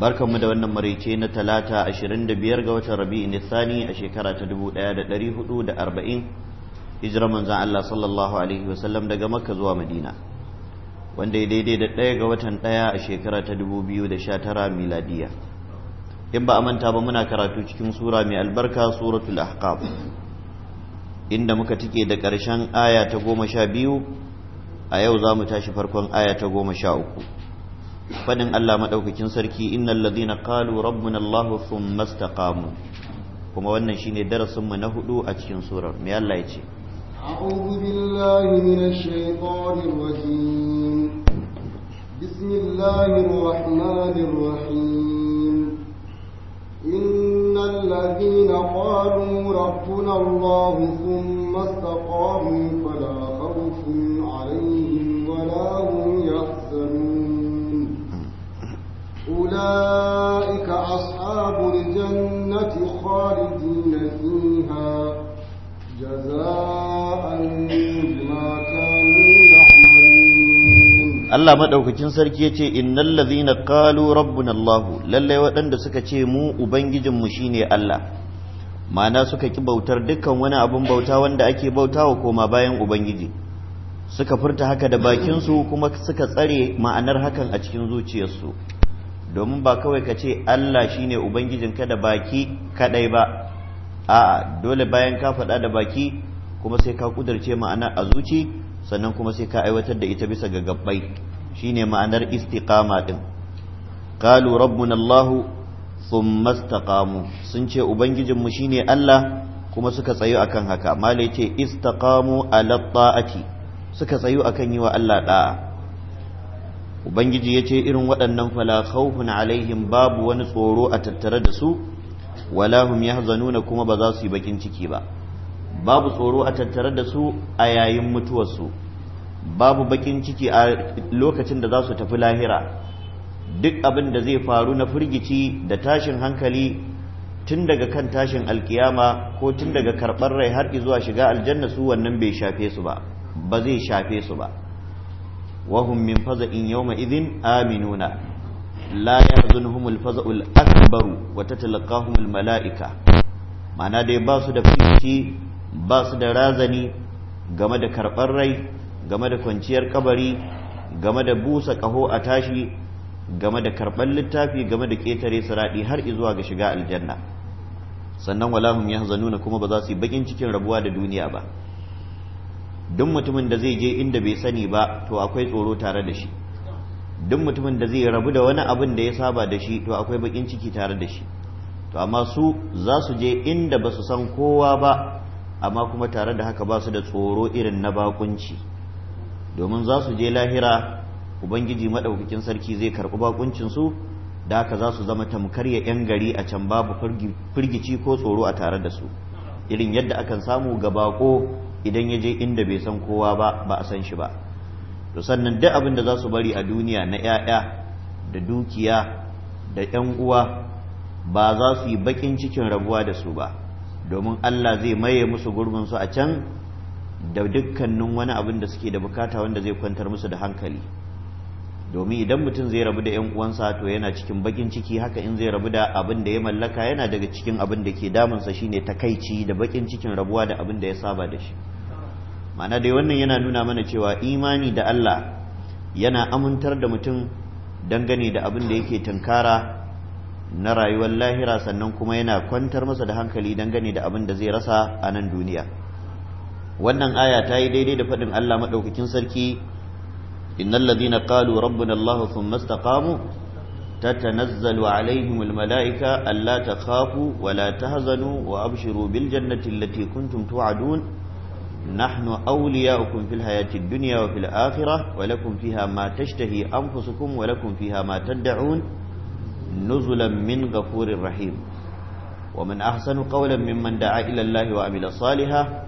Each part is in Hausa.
mu da wannan maraice na talata 25 ga watan rabi'in nisani a shekara ta 1440 hijirar manzan Allah sallallahu alaihi wasallam daga makka zuwa madina wanda ya daidai da ɗaya ga watan ɗaya a shekara ta 2019 miladiya in ba a manta ba muna karatu cikin sura mai albarka suratul ahqab inda muka tike da ƙarshen aya ta goma sha biyu a yau za mu tashi farkon aya ta goma sha uku fadin Allah madaukakin sarki innal ladhina qalu rabbuna Allah thumma istaqamu kuma wannan shine darasin mu na hudu a cikin surar me Allah ya ce a'udhu billahi minash shaitanir rajim bismillahir rahmanir rahim innal ladhina qalu rabbuna Allah thumma istaqamu fala khawfun 'alayhim أولئك أصحاب الجنة خالدين فيها جزاء Allah maɗaukakin sarki الله مدوكين سركي يتي إن الذين قالوا lallai waɗanda suka ce mu مو أبنجد مشيني Allah. ma'ana suka ki bautar dukkan wani abin bauta wanda ake bautawa koma bayan ubangiji suka furta haka da bakinsu kuma suka tsare ma'anar hakan a cikin zuciyarsu domin ba kawai ka ce Allah shi Ubangijin ubangijinka da baki kadai ba a'a dole bayan ka faɗa da baki kuma sai ka kudirce ma'ana a zuci sannan kuma sai ka aiwatar da ita bisa ga gabbai Shi ne ma'anar istiqama ɗin. Kalu rabbun Allah sun istaqamu sun ce ubangijinmu ne Allah kuma suka tsayu akan haka malai ce istaqamu a suka tsayu akan yi wa Allah ɗa'a ubangiji ya ce irin waɗannan fala khawfun alaihim babu wani tsoro a tattare da su walahum ya yahzanuna kuma ba za su yi bakin ciki ba babu tsoro a tattare da su a yayin mutuwarsu babu bakin ciki a lokacin da za su tafi lahira duk abin da zai faru na firgici da tashin hankali tun daga kan tashin alkiyama ko tun daga karɓar rai har zuwa shiga aljanna su wannan bai shafe su ba ba zai shafe su ba وهم من فزع يومئذ آمنون لا يحزنهم الفزع الأكبر وتتلقاهم الملائكة معنى دي باسو دا فيكي باسو da razani, game da karɓar rai game da kwanciyar ƙabari, game da busa ƙaho a tashi game da karɓar littafi game da ƙetare su raɗi har izuwa ga shiga aljanna sannan walahum yahzanuna kuma ba za su yi baƙin cikin rabuwa da duniya ba duk mutumin da zai je inda bai sani ba to akwai tsoro tare da shi duk mutumin da zai rabu da wani abin da ya saba da shi to akwai bakin ciki tare da shi to amma su za su je inda ba su san kowa ba amma kuma tare da haka ba su da tsoro irin na bakunci domin za su je lahira ubangiji maɗaukakin sarki zai karɓi bakuncinsu da haka za su zama tamkar ya 'yan gari a can babu firgici ko tsoro a tare da su irin yadda akan samu ga bako idan ya je inda bai san kowa ba ba a san shi ba to sannan duk abin da za su bari a duniya na 'ya'ya da dukiya da 'yan uwa ba za su yi bakin cikin rabuwa da su ba domin Allah zai maye musu gurbin su a can da dukkanin wani abin da suke da bukata wanda zai kwantar musu da hankali domin idan mutum zai rabu da 'yan uwansa to yana cikin bakin ciki haka in zai rabu da abin da ya mallaka yana daga cikin abin da ke damunsa shine takaici da bakin cikin rabuwa da abin da ya saba da shi mana dai wannan yana nuna mana cewa imani da Allah yana amintar da mutum dangane da abin da yake tunkara na rayuwar lahira sannan kuma yana kwantar masa da hankali dangane da abin da zai rasa a nan duniya wannan aya ta yi daidai da faɗin Allah maɗaukakin sarki innal ladina qalu rabbuna Allah thumma istaqamu tatanazzalu alaihim almalaika alla takhafu wa tahzanu wa abshiru bil allati kuntum tu'adun نحن أولياؤكم في الحياة الدنيا وفي الآخرة ولكم فيها ما تشتهي أنفسكم ولكم فيها ما تدعون نزلا من غفور رحيم ومن أحسن قولا ممن دعا إلى الله وعمل صالحا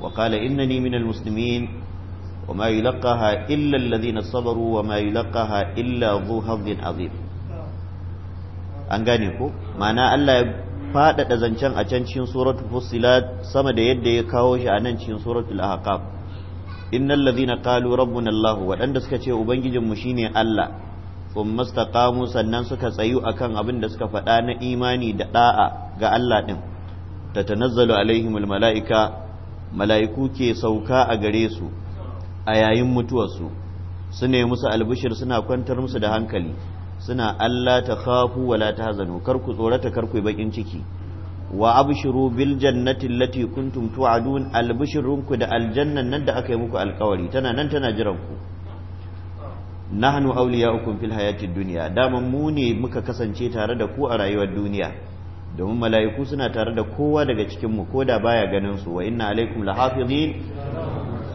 وقال إنني من المسلمين وما يلقاها إلا الذين صبروا وما يلقاها إلا ذو حظ عظيم an gane ko mana Allah faɗaɗa zancen a can cikin suratu fussilat sama da yadda ya kawo shi a nan cikin suratul ahqaf innal ladhina qalu rabbuna allah waɗanda suka ce ubangijinmu shine allah thumma istaqamu sannan suka tsayu a kan abin da suka faɗa na imani da ɗa'a ga allah din tatanazzalu alaihimul mala'ika mala'iku ke sauka a gare su a yayin mutuwarsu su ne musu albishir suna kwantar musu da hankali suna Allah ta khafu wala tahzanu kar ku tsorata kar ku bakin ciki wa abshiru bil jannati allati kuntum tu'adun albishirunku da aljannan nan da aka yi muku alkawari tana nan tana jiran ku nahnu awliya'ukum fil hayatid dunya dama mu ne muka kasance tare da ku a rayuwar duniya domin mala'iku suna tare da kowa daga cikin mu koda baya ganin su wa inna alaikum lahafizin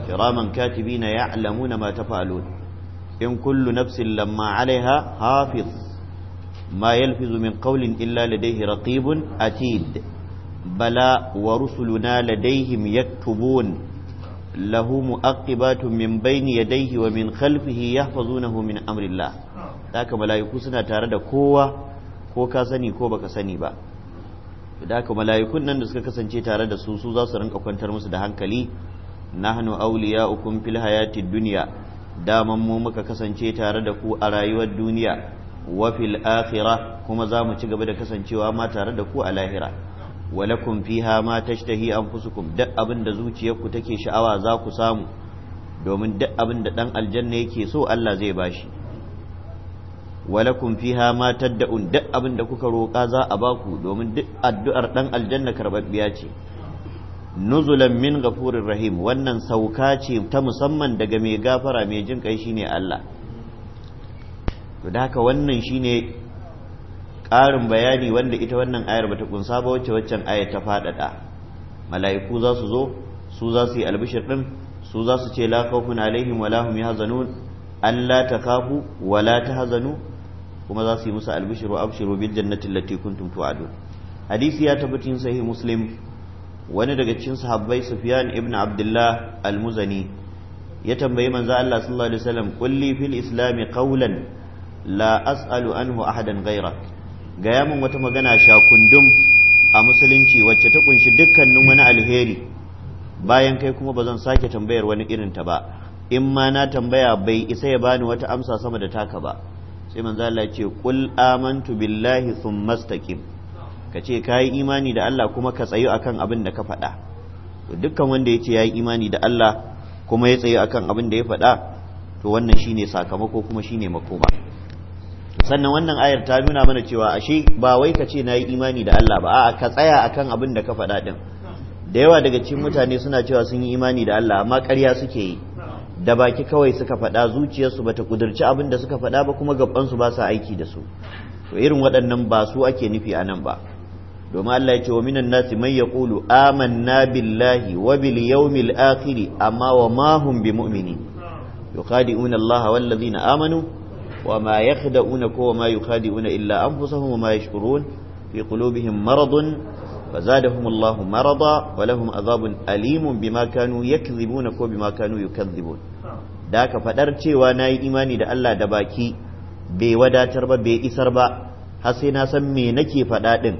kiraman katibina ya'lamuna ma tafalun in kullu nafsin lamma alaiha hafiz ma yalfizu min qawlin illa ladayhi raqibun atid bala wa rusuluna ladayhim yaktubun lahu mu'aqibatun min bayni yadayhi wa min khalfihi yahfazunahu min amrillah daka malaiku suna tare da kowa ko ka sani ko baka sani ba daka haka malaikun nan da suka kasance tare da su su za su rinka kwantar musu da hankali nahnu awliya'ukum fil hayatid dunya daman mu muka kasance tare da ku a rayuwar duniya wa fil akhirah kuma za mu ci gaba da kasancewa ma tare da ku a lahira walakum fiha ma tashtahi anfusukum duk abin da zuciyarku take sha'awa za ku samu domin duk abin da dan aljanna yake so Allah zai bashi walakum fiha ma tad'un duk abin da kuka roƙa za a baku domin duk addu'ar dan aljanna karbabbiya ce nuzulan min gafurin rahim wannan sauka ce ta musamman daga mai gafara mai jin kai shine Allah to da haka wannan shine ƙarin bayani wanda ita wannan ayar bata kunsa ba wacce waccan ayar ta faɗaɗa mala'iku za su zo su za su yi albishir ɗin su za su ce la khawfun alaihim wala lahum yahzanun alla takhafu wala tahzanu kuma za su yi musu albishir wa abshiru bil jannati allati kuntum tu'adun hadisi ya tabbatin sahih muslim wani daga cikin sahabbai Sufyan ibn Abdullah al-Muzani ya tambayi manzo Allah sallallahu alaihi wasallam kulli fil islam qawlan la as'alu anhu ahadan ghayrak gaya min wata magana shakundum a musulunci wacce ta kunshi dukkanin wani alheri bayan kai kuma ba zan sake tambayar wani irin ta ba in ma na tambaya bai isa ya bani wata amsa sama da taka ba sai manzo Allah ya ce qul amantu billahi thumma istaqim ka ce ka yi imani da Allah kuma ka tsayu akan abin da ka faɗa dukkan wanda ya ce ya yi imani da Allah kuma ya tsayu akan abin da ya faɗa to wannan shine sakamako kuma shine makoma sannan wannan ayar ta nuna mana cewa ashe ba wai ka ce na yi imani da Allah ba a'a ka tsaya akan abin da ka faɗa ɗin da yawa daga cikin mutane suna cewa sun yi imani da Allah amma ƙarya suke yi da baki kawai suka faɗa zuciyarsu bata kudurci abin da suka faɗa ba kuma gabansu ba sa aiki da su to irin waɗannan ba su ake nufi a nan ba domin Allah ya ce wa minan nasi man kulu amanna billahi wa bil yawmil akhir amma wa ma hum bimu'minin yukhadi'una Allah wal ladina amanu wa ma yakhda'una ko wa ma yukhadi'una illa anfusahum wa ma yashkurun fi qulubihim maradun فزادهم الله Alimun ولهم عذاب أليم بما كانوا يكذبون كو بما كانوا Da ka فدر cewa nayi imani da Allah da baki bai wadatar ba bai isar ba har sai na san me nake faɗa din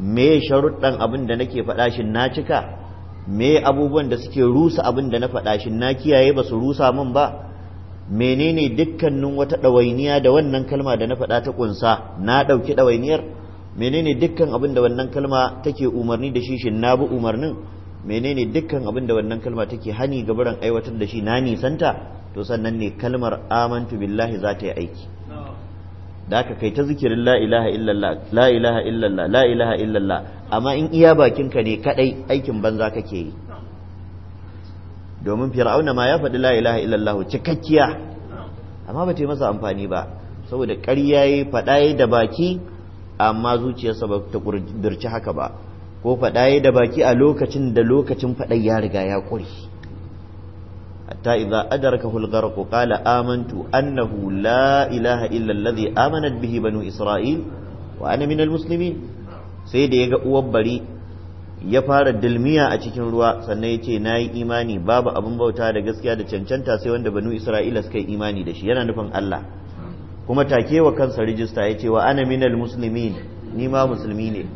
me sharuɗan abin da nake faɗa shi na cika me abubuwan da suke rusa abin da na faɗa shi na kiyaye ba su rusa min ba menene dukkanin wata ɗawainiya da wannan kalma da na faɗa ta ƙunsa na ɗauki ɗawainiyar menene dukkan abin da wannan kalma take umarni da shi shin na bi umarnin menene dukkan abin da wannan kalma take hani gabaran aiwatar da shi na nisanta to sannan ne kalmar amantu billahi za ta yi aiki da aka kai ta zikirin la ilaha illallah la ilaha illallah la ilaha illallah amma in iya bakin ka ne kadai aikin banza kake yi domin fir'auna ma ya faɗi la ilaha illallah cikakkiya amma ba ta yi masa amfani ba saboda ƙarya ya faɗa da baki amma zuciyarsa ba ta ƙudurci haka ba ko faɗa da baki a lokacin da lokacin faɗai ya riga ya ƙuri hatta idza adrakahu al-gharq qala amantu annahu la ilaha illa alladhi amanat bihi banu isra'il wa ana sai da ya ga uwar bari ya fara dalmiya a cikin ruwa sannan ya ce na yi imani babu abin bauta da gaskiya da cancanta sai wanda banu isra'ila suka yi imani da shi yana nufin allah kuma take wa kansa rijista ya ce wa ana ni ma musulmi ne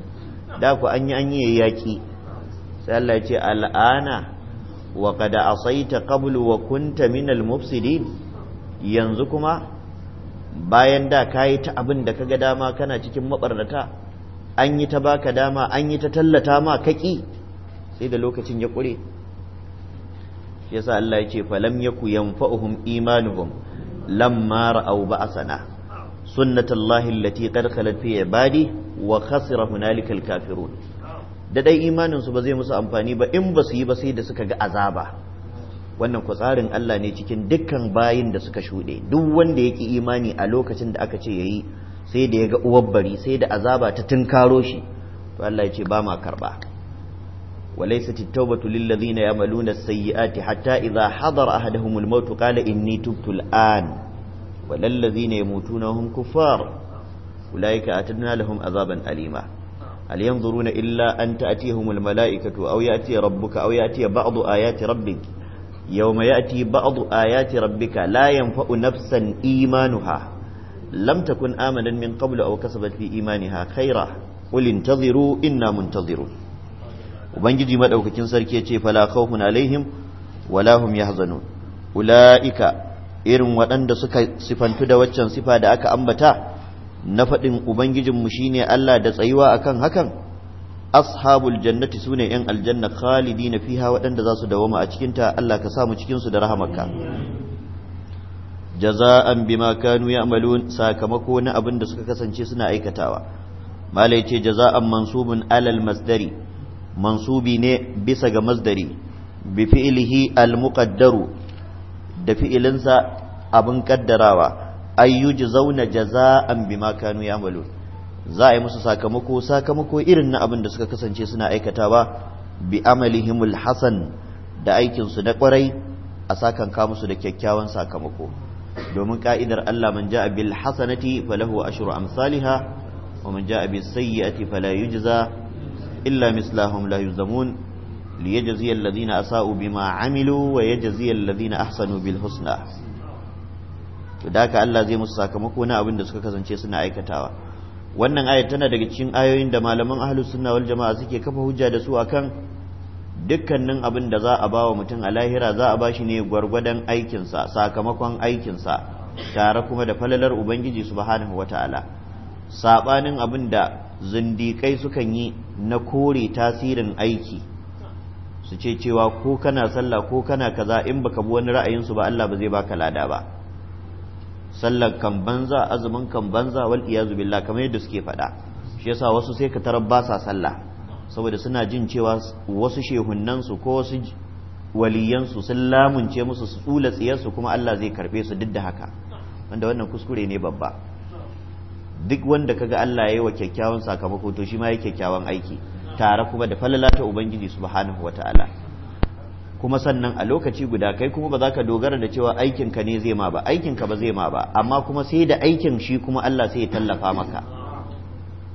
da ku an yi an yi yaki sai allah ya ce al'ana wa qad asaita qablu wa kunta minal mufsidin yanzu kuma bayan da kayi ta abin da kaga dama kana cikin mabarnata an yi ta baka dama an yi ta tallata ma kaki sai da lokacin ya kure yasa Allah ya ce falam yaku yanfa'uhum imanuhum lamma ra'aw ba'sana sunnatullahi allati qad khalat fi ibadi wa khasira hunalikal kafirun da dai imaninsu ba zai musu amfani ba in ba su yi ba sai da suka ga azaba wannan ku tsarin Allah ne cikin dukkan bayin da suka shuɗe duk wanda ya ki imani a lokacin da aka ce ya yi sai da ya ga uwar bari sai da azaba ta tunkaro shi to Allah ya ce ba ma karɓa وليست التوبة للذين يعملون السيئات حتى إذا حضر qala inni tubtu al an الآن ladina yamutuna hum كفار أولئك atadna lahum azaban alima. hal yanzuruna illa an ta'tiyahumul mala'ikatu aw ya'ti rabbuka aw ya'ti ba'du ayati rabbik yawma ya'ti ba'du ayati rabbika la yanfa'u nafsan imanuha lam takun amanan min qablu aw kasabat fi imaniha khaira qul intaziru inna muntazirun ubangiji madaukakin sarki yace fala khawfun alaihim wala hum yahzanun ulaika irin waɗanda suka sifantu da waccan sifa da aka ambata na faɗin ubangijinmu shine Allah da tsayuwa akan hakan ashabul jannati sune yan aljanna na fiha waɗanda za su mu a cikinta Allah ka samu cikin su da rahamarka jaza'an bima kanu ya'malun sakamako na abin da suka kasance suna aikatawa malai ce jaza'an mansubun alal masdari mansubi ne bisa ga masdari bi fi'lihi al muqaddaru da fi'ilinsa abin ƙaddarawa. ayyuji zauna jaza'an bima kanu ya'malun za a yi musu sakamako sakamako irin na abin da suka kasance suna aikata ba bi amalihimul hasan da aikinsu na kwarai a sakan ka su da kyakkyawan sakamako domin ka'idar Allah man ja'a bil hasanati falahu ashru amsalha wa man ja'a bis sayyi'ati fala yujza illa mislahum la yuzamun liyajziya alladhina asa'u bima amilu wa yajziya alladhina ahsanu bil husna to da haka Allah zai musu sakamako na abin da suka kasance suna aikatawa wannan ayat tana daga cikin ayoyin da malaman ahlus sunna wal jama'a suke kafa hujja da su akan dukkanin abin da za a bawa mutum a lahira za a bashi ne gwargwadon aikinsa sakamakon aikinsa tare kuma da falalar ubangiji subhanahu wataala sabanin abin da zindikai sukan yi na kore tasirin aiki su ce cewa ko kana sallah ko kana kaza in baka bi wani su ba Allah ba zai baka lada ba sallar kan banza azumin kan banza wal iyazu billah kamar yadda suke faɗa shi yasa wasu sai ka tarar ba sa sallah saboda suna jin cewa wasu shehunnan su ko wasu waliyan su sun lamunce musu su tsula tsiyar su kuma Allah zai karbe su duk da haka wanda wannan kuskure ne babba duk wanda kaga Allah yayi wa kyakkyawan sakamako to shi ma yayi kyakkyawan aiki tare kuma da falala ubangiji subhanahu wataala kuma sannan a lokaci guda kai kuma ba za ka dogara da cewa aikinka ne zai ma ba aikinka ba zai ma ba amma kuma sai da aikin shi kuma Allah sai ya tallafa maka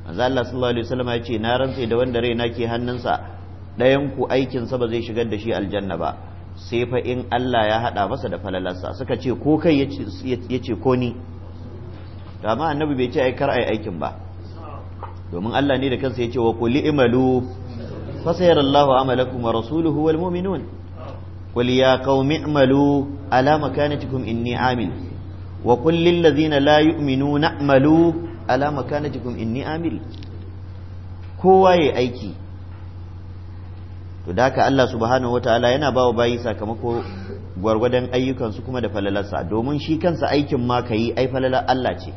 manzo Allah sallallahu alaihi wasallam ya ce na rantse da wanda raina ke hannunsa ɗayan ku aikinsa ba zai shigar da shi aljanna ba sai fa in Allah ya haɗa masa da falalarsa suka ce ko kai ya ce ko ni to amma annabi bai ce ai kar ai aikin ba domin Allah ne da kansa ya ce wa kuli imalu fa sayarallahu amalakum wa rasuluhu wal mu'minun قل يا قوم اعملوا على مكانتكم إني عامل وقل للذين لا يؤمنون اعملوا على مكانتكم إني عامل kowa ya aiki to da haka Allah subhanahu wataala yana ba wa bayi sakamako gwargwadon ayyukansu kuma da falalarsa domin shi kansa aikin ma ka yi ai falalar Allah ce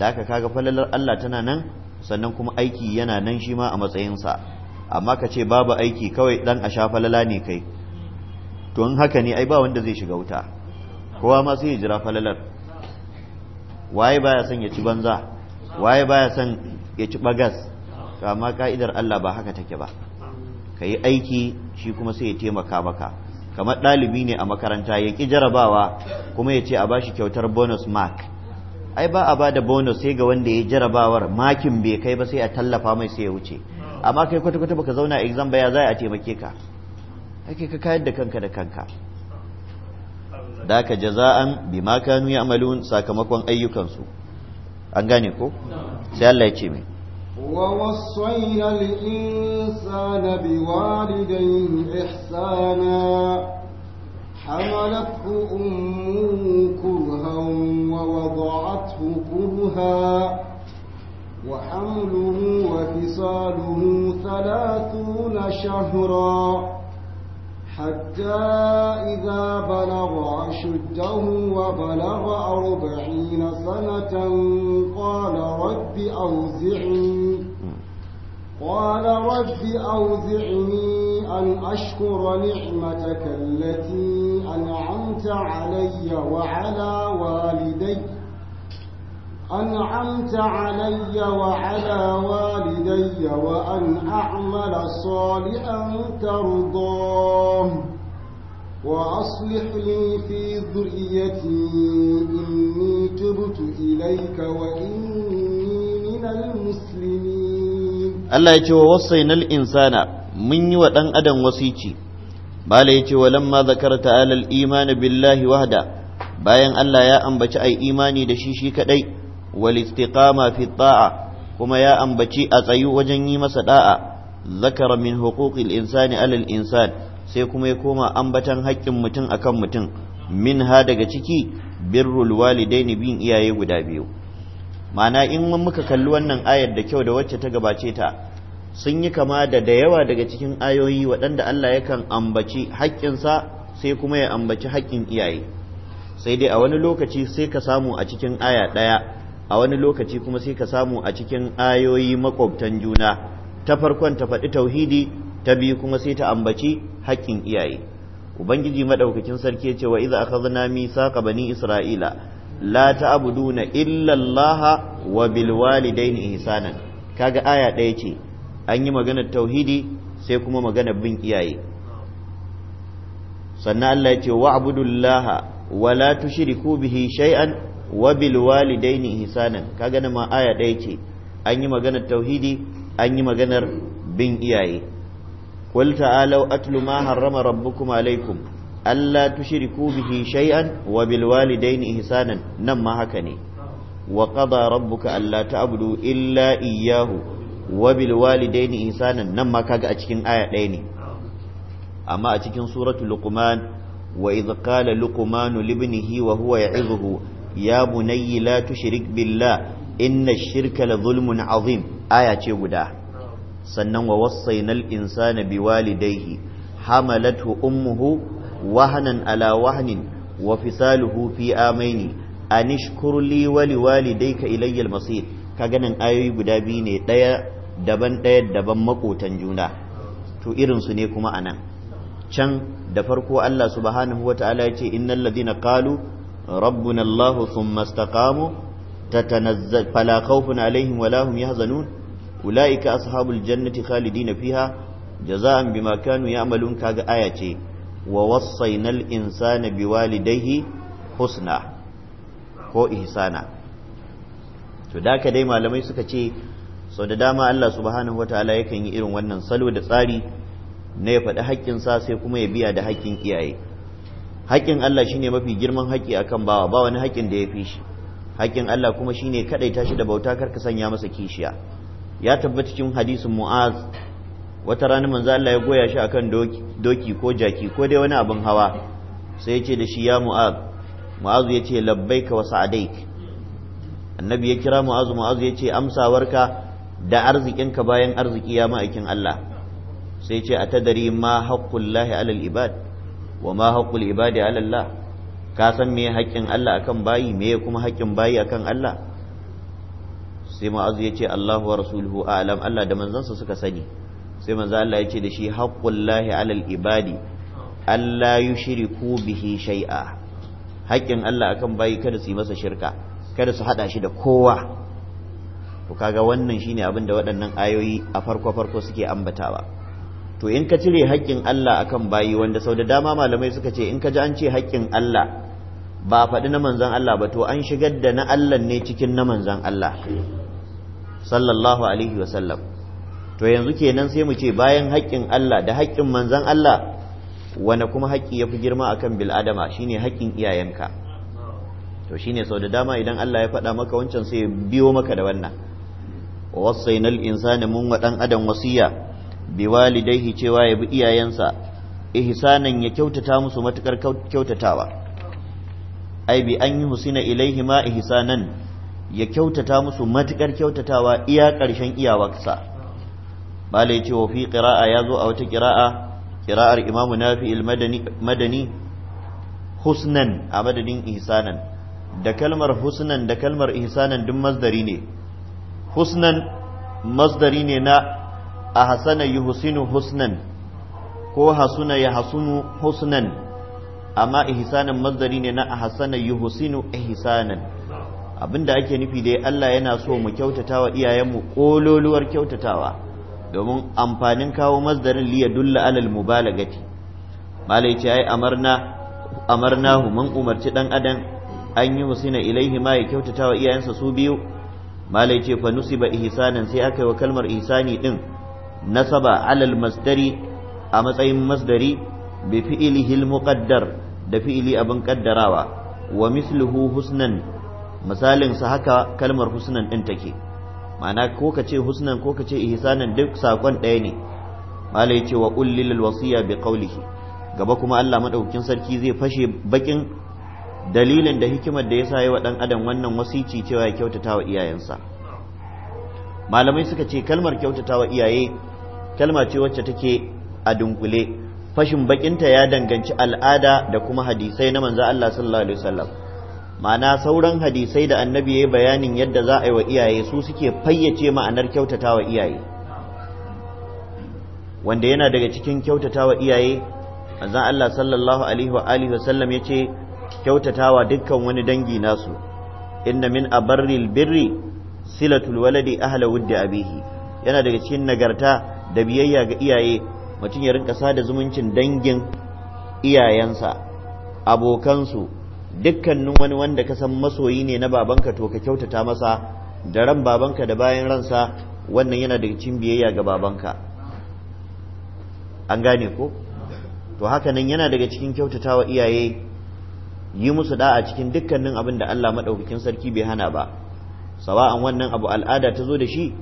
da haka kaga falalar Allah tana nan sannan kuma aiki yana nan shi ma a matsayinsa amma ka ce babu aiki kawai dan a sha falala ne kai to in haka ne ai ba wanda zai shiga wuta kowa ma sai ya jira falalar waye baya son ya ci banza waye baya son ya ci bagas amma ka'idar Allah ba haka take ba ka yi aiki shi kuma sai ya taimaka maka kamar ɗalibi ne a makaranta ya ƙi jarabawa kuma ya ce a bashi kyautar bonus mark ai ba a ba da bonus sai ga wanda ya jarabawar makin bai kai ba sai a tallafa mai sai ya wuce amma kai kwata-kwata baka zauna exam ba ya za a taimake ka ake ka kayar da kanka da kanka da ka jaza'an bi ma kanu ya'malun sakamakon ayyukansu an gane ko sai Allah ya ce mai ووصينا وحمله وفصاله ثلاثون شهرا حتى إذا بلغ أشده وبلغ أربعين سنة قال رب أوزعني قال رب أوزعني أن أشكر نعمتك التي أنعمت علي وعلى والدي أنعمت علي وعلى والدي وأن أعمل صالحا ترضاه وأصلح لي في ذريتي إني تبت إليك وإني من المسلمين الله يتوى وصينا الإنسان من يوتن أدم وسيتي bala ya ce walamma zakar ta'ala imani billahi wahda bayan Allah ya ambaci ai imani da shi shi kadai wal istiqama fi ta'a kuma ya ambaci a tsayu wajen yi masa da'a zakara min huquqil insani alal insan sai kuma ya koma ambatan haƙƙin mutum akan mutum min ha daga ciki birrul walidaini bin iyaye guda biyu ma'ana in muka kalli wannan ayar da kyau da wacce ta gabace ta sun yi kama da da yawa daga cikin ayoyi waɗanda Allah yakan ambaci haƙƙinsa sai kuma ya ambaci haƙƙin iyaye sai dai a wani lokaci sai ka samu a cikin aya ɗaya a wani lokaci kuma sai ka samu a cikin ayoyi makwabtan juna ta farkon ta faɗi tauhidi ta biyu kuma sai ta ambaci haƙƙin iyaye ubangiji maɗaukakin sarki ya ce wa iza mi saƙa bani isra'ila la ta'buduna na illallaha wa bilwalidain walidayni ihsanan kaga aya ɗaya ce an yi magana tauhidi sai kuma magana bin iyaye sannan Allah ya ce wa'budullaha wa la tushriku bihi shay'an wa bil walidaini ihsanan kaga nan ma aya ɗaya ce an yi maganar tauhidi an yi maganar bin iyaye qul ta'alu atlu ma harrama rabbukum alaikum alla tushriku bihi shay'an wa bil walidaini ihsanan nan ma haka ne wa qada rabbuka alla abdu illa iyyahu wa bil walidaini ihsanan nan ma kaga a cikin aya ɗaya ne amma a cikin suratul luqman wa idh qala luqmanu libnihi wa huwa ya'izuhu ya bunayyi la tushrik billah inna shirka la zulmun azim aya ce guda sannan wa wassaynal insana biwalidayhi hamalathu ummuhu wahanan ala wahnin wa fisaluhu fi amaini anishkur li wa liwalidayka ilayya al-masir kaga nan ayoyi guda biyu ne daya daban daya daban makotan juna to irin su ne kuma anan can da farko Allah subhanahu wataala ya ce innal ladina qalu rabbuna Allahu thumma istaqamu tatanazzal fala khawfun alaihim wala hum yahzanun ulaika ashabul jannati khalidina fiha jaza'an bima kanu ya'malun kaga aya ce wa wassaynal insana biwalidayhi husna ko ihsana to da dai malamai suka ce sau da dama Allah subhanahu wataala yakan yi irin wannan salo da tsari na ya faɗi sa sai kuma ya biya da haƙƙin iyaye haƙƙin Allah shine mafi girman haƙƙi akan bawa ba wani haƙƙin da ya fi shi haƙƙin Allah kuma shine kadai tashi da bauta kar ka sanya masa kishiya ya tabbata cikin hadisin Mu'az wata rana manzo Allah ya goya shi akan doki ko jaki ko dai wani abin hawa sai ya ce da shi ya Mu'az Mu'az ya ce labbaika wa sa'adaik annabi ya kira Mu'az Mu'az ya ce amsawarka da arzikinka bayan arziki ya ma'aikin Allah sai ya ce atadari ma haqqullahi alal ibad wa ma haqqul ibadi ala Allah ka san me haƙƙin Allah akan bayi me kuma haƙƙin bayi akan Allah sai ma'azu ya ce Allah wa rasuluhu a'lam Allah da manzansa suka sani sai manzo Allah ya ce da shi haqqullahi alal ibadi Allah yushriku bihi shay'a haƙƙin Allah akan bayi kada su yi masa shirka kada su hada shi da kowa to kaga wannan shine abin da waɗannan ayoyi a farko farko suke ambatawa to in ka cire haƙƙin Allah akan bayi wanda sau da dama malamai suka ce in ka ji an ce haƙƙin Allah ba faɗi na manzan Allah ba to an shigar da na Allah ne cikin na manzan Allah sallallahu alaihi wasallam to yanzu kenan sai mu ce bayan haƙƙin Allah da haƙƙin manzan Allah wane kuma haƙƙi ya fi girma akan bil'adama shine haƙƙin iyayenka to shine sau da dama idan Allah ya faɗa maka wancan sai biyo maka da wannan wasainal insani mun wa ɗan adam wasiya biwalidaihi cewa ya bi iyayensa ihsanan ya kyautata musu matukar kyautatawa ai bi an yi husina ilaihi ma ihsanan ya kyautata musu matukar kyautatawa iya karshen iyawarsa Bale ya ce wa fi qira'a ya zo a wata qira'a qira'ar imamu nafi madani madani husnan a madadin ihsanan da kalmar husnan da kalmar ihsanan duk masdari ne husnan masdari ne na yi yuhsinu husnan ko hasuna ya hasunu husnan amma ihsanin mazdari ne na ahsana yuhsinu ihsanan abinda ake nufi dai Allah yana so mu kyautatawa iyayenmu kololuwar kyautatawa domin amfanin kawo mazdarin liya dulla alal mubalagati malai ce ai amarna amarnahu mun umarci dan adam an yi husina ilaihi ma ya kyautatawa iyayensa su biyu malai ce fa nusiba ihsanan sai aka yi wa kalmar ihsani din nasaba alal masdari a matsayin masdari bi fi'ilihi muqaddar da fi'ili abin kaddarawa wa mislihu husnan misalin sa haka kalmar husnan din take ma'ana ko ka ce husnan ko ka ce ihsanan duk sakon ɗaya ne mala yace wa ullil wasiya bi qawlihi gaba kuma Allah madaukakin sarki zai fashe baƙin dalilin da hikimar da yasa yi wa dan adam wannan wasici cewa ya kyautata wa iyayensa malamai suka ce kalmar kyautata wa iyaye kalma ce wacce take a dunkule fashin bakinta ya danganci al'ada da kuma hadisai na manzo Allah sallallahu alaihi wasallam ma'ana sauran hadisai da annabi ya bayanin yadda za a yi wa iyaye su suke fayyace ma'anar kyautata iyaye wanda yana daga cikin kyautatawa iyaye manzo Allah sallallahu alaihi wa alihi wasallam yace kyautatawa dukkan wani dangi nasu inna min abarril birri silatul waladi ahla wuddi abihi yana daga cikin nagarta da biyayya ga iyaye mutum ya rinka sada zumuncin dangin iyayensa abokansu dukkanin wani wanda ka san masoyi ne na babanka to ka kyautata masa da ran babanka da bayan ransa wannan yana daga cikin biyayya ga babanka an gane ko to haka nan yana daga cikin kyautatawa iyaye yi musu da'a cikin dukkanin abin da Allah madaukakin sarki bai hana ba sawa'an wannan abu al'ada ta zo da shi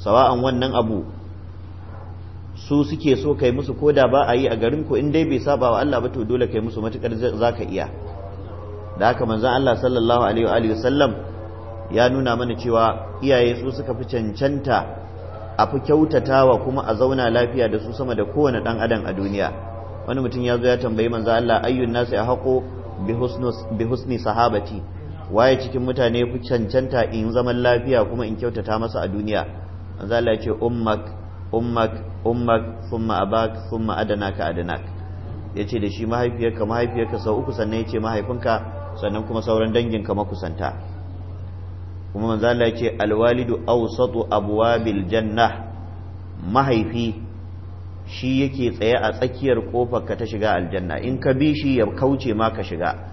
sawa'an wannan abu su suke so kai musu ko da ba a yi a garin ku in dai bai saba wa Allah ba to dole kai musu matukar zaka iya da haka manzon Allah sallallahu alaihi wa alihi wasallam ya nuna mana cewa iyaye su suka fi cancanta a fi kyautatawa kuma a zauna lafiya da su sama da kowane dan adam a duniya wani mutum ya zo ya tambayi manzon Allah ayyun nasu ya haƙo bi husni sahabati waye cikin mutane fi cancanta in zaman lafiya kuma in kyautata masa a duniya manzon Allah ya ce ummak ummak ummak thumma abak thumma adanaka adanak yace da shi mahaifiyarka mahaifiyarka sau uku sannan yace mahaifinka sannan kuma sauran danginka makusanta kuma manzo Allah yace alwalidu awsatu abwabil jannah mahaifi shi yake tsaye a tsakiyar kofar ka ta shiga aljanna in ka bi shi ya kauce ma ka shiga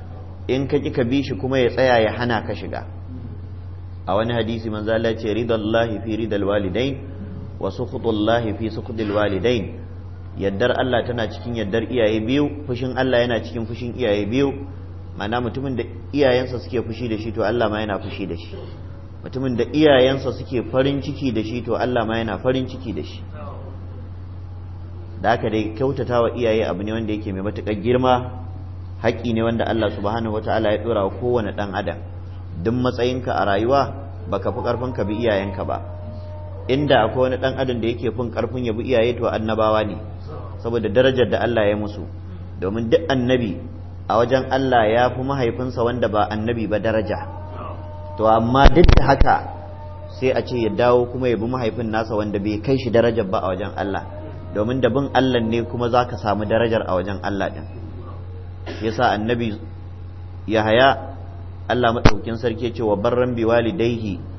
in ka ki ka bi shi kuma ya tsaya ya hana ka shiga a wani hadisi manzo Allah ya ce ridallahi fi ridal walidain wa sukhudullahi fi sukhudil walidain yaddar Allah tana cikin yaddar iyaye biyu fushin Allah yana cikin fushin iyaye biyu ma'ana mutumin da iyayensa suke fushi da shi to Allah ma yana fushi da shi mutumin da iyayensa suke farin ciki da shi to Allah ma yana farin ciki da shi da haka dai kyautata wa iyaye abu ne wanda yake mai matuƙar girma haƙƙi ne wanda Allah subhanahu wataala ya dora wa kowane ɗan adam duk matsayinka a rayuwa baka fi ƙarfin ka bi iyayenka ba inda akwai wani dan adam da yake fin karfin yabi iyaye to annabawa ne saboda darajar da Allah ya musu domin duk annabi a wajen Allah ya fi mahaifinsa wanda ba annabi ba daraja to amma duk da haka sai a ce ya dawo kuma ya bi mahaifin nasa wanda bai kai shi darajar ba a wajen Allah domin da bin Allah ne kuma za ka samu darajar a wajen Allah din yasa annabi Yahaya Allah maɗaukin sarki ya ce wa barran walidaihi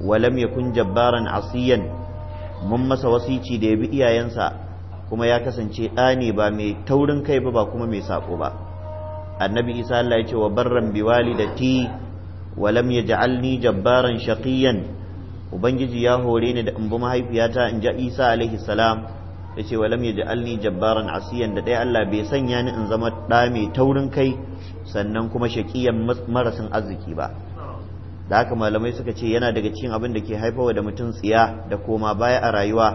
walam lam yakun jabbaran asiyan mun masa wasici da ya bi iyayensa kuma ya kasance ɗa ne ba mai taurin kai ba ba kuma mai sako ba annabi isa Allah ya ce wa barran bi walidati wa lam yaj'alni jabbaran shaqiyan ubangiji ya hore ni da in mahaifiyata in ja isa alaihi salam ya ce walam ya ja'alni jabbaran asiyan da ɗaya Allah bai sanya ni in zama ɗa mai taurin kai sannan kuma shaƙiyan marasin arziki ba da haka malamai suka ce yana daga cikin abin da ke haifawa da mutum tsiya da koma baya a rayuwa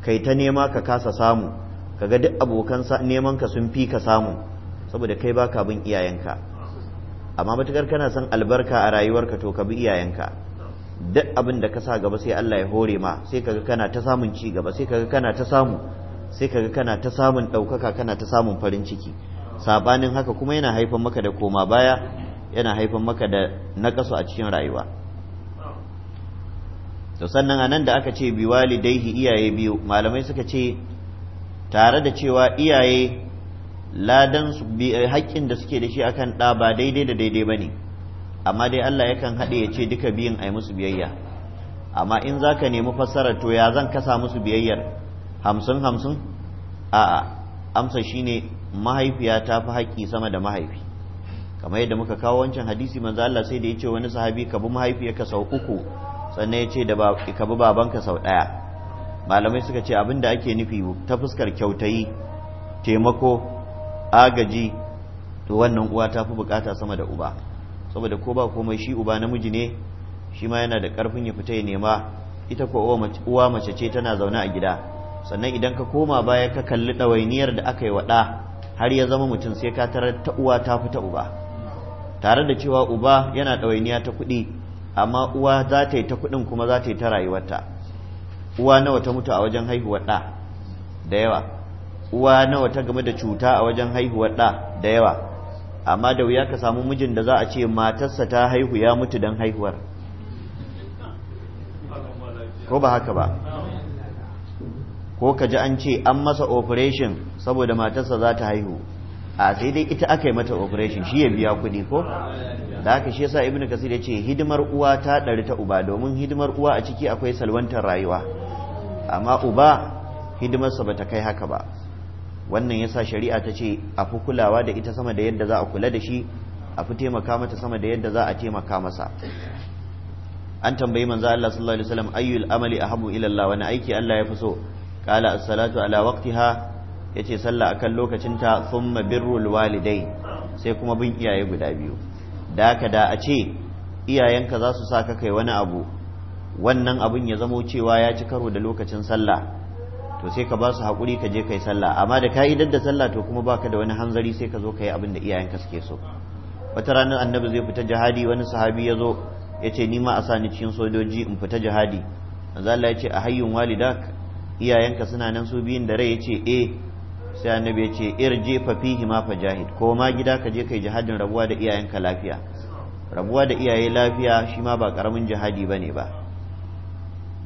kai ta nema ka kasa samu kaga duk abokan neman ka sun fi ka samu saboda kai baka bin iyayenka amma matukar kana son albarka a rayuwarka to ka bi iyayenka duk abin da ka sa gaba sai Allah ya hore ma sai kaga kana ta samun ci gaba sai kaga kana ta samu sai kaga kana ta samun ɗaukaka kana ta samun farin ciki sabanin haka kuma yana haifar maka da koma baya yana haifar maka da nakasu a cikin rayuwa to sannan a da aka ce bi walidaihi iyaye biyu malamai suka ce tare da cewa iyaye ladan su eh, haƙƙin da suke da shi akan ɗa ba daidai da daidai ba ne amma dai Allah yakan haɗe ya ce duka biyun a musu biyayya amma in zaka nemi fassarar to ya zan kasa musu biyayyar hamsin hamsin a'a amsa shine mahaifiya ta fi haƙƙi sama da mahaifi kamar yadda muka kawo wancan hadisi manzo Allah sai da yace wani sahabi kabu mahaifi mahaifiyarka sau uku sannan yace da ka baban babanka sau daya malamai suka ce abinda ake nufi ta fuskar kyautayi taimako agaji to wannan uwa ta fi bukata sama da uba saboda ko ba komai shi uba namiji ne shi ma yana da karfin ya fita ya nema ita ko uwa mace ce tana zaune a gida sannan idan ka koma baya ka kalli ɗawainiyar da aka yi wa har ya zama mutum sai ka tarar ta uwa ta fi ta uba tare da cewa uba yana ɗawainiya ta kuɗi amma uwa za ta yi ta kuɗin kuma za ta yi ta rayuwarta uwa nawa ta mutu a wajen haihuwar ɗa da yawa uwa nawa ta game da cuta a wajen haihuwar ɗa da yawa amma da wuya ka samu mijin da za a ce matarsa ta haihu ya mutu don haihuwar ko ba haka ba ko ka ji an ce an masa operation saboda matarsa za ta haihu a sai dai ita aka yi mata operation shi ya biya kuɗi ko da haka shi yasa ibnu kasir ya ce hidimar uwa ta ɗari ta uba domin hidimar uwa a ciki akwai salwantar rayuwa amma uba hidimarsa bata kai haka ba wannan yasa shari'a ta ce a fi kulawa da ita sama da yadda za a kula da shi a fi taimaka mata sama da yadda za a taimaka masa an tambayi manza Allah sallallahu alaihi wasallam ayyul amali ahabu ila Allah wani aiki Allah ya fi so qala as-salatu ala waqtiha yace sallah akan lokacin ta thumma birrul walidai sai kuma bin iyaye guda biyu da haka da a ce iyayenka za su sa ka kai wani abu wannan abin ya zamo cewa ya ci karo da lokacin sallah to sai ka ba su haƙuri ka je kai sallah amma da ka idar da sallah to kuma baka da wani hanzari sai ka zo ka yi abin da iyayenka suke so wata ranar annabi zai fita jihadi wani sahabi ya zo ya ce ni ma a sani cikin sojoji in fita jihadi manzo Allah ya ce a hayyun walidak iyayenka suna nan su biyun da rai ya ce eh sai annabi ya ce irje fa fihi ma fa jahid ko ma gida ka je kai jihadin rabuwa da iyayenka lafiya rabuwa da iyaye lafiya shi ma ba karamin jihadi bane ba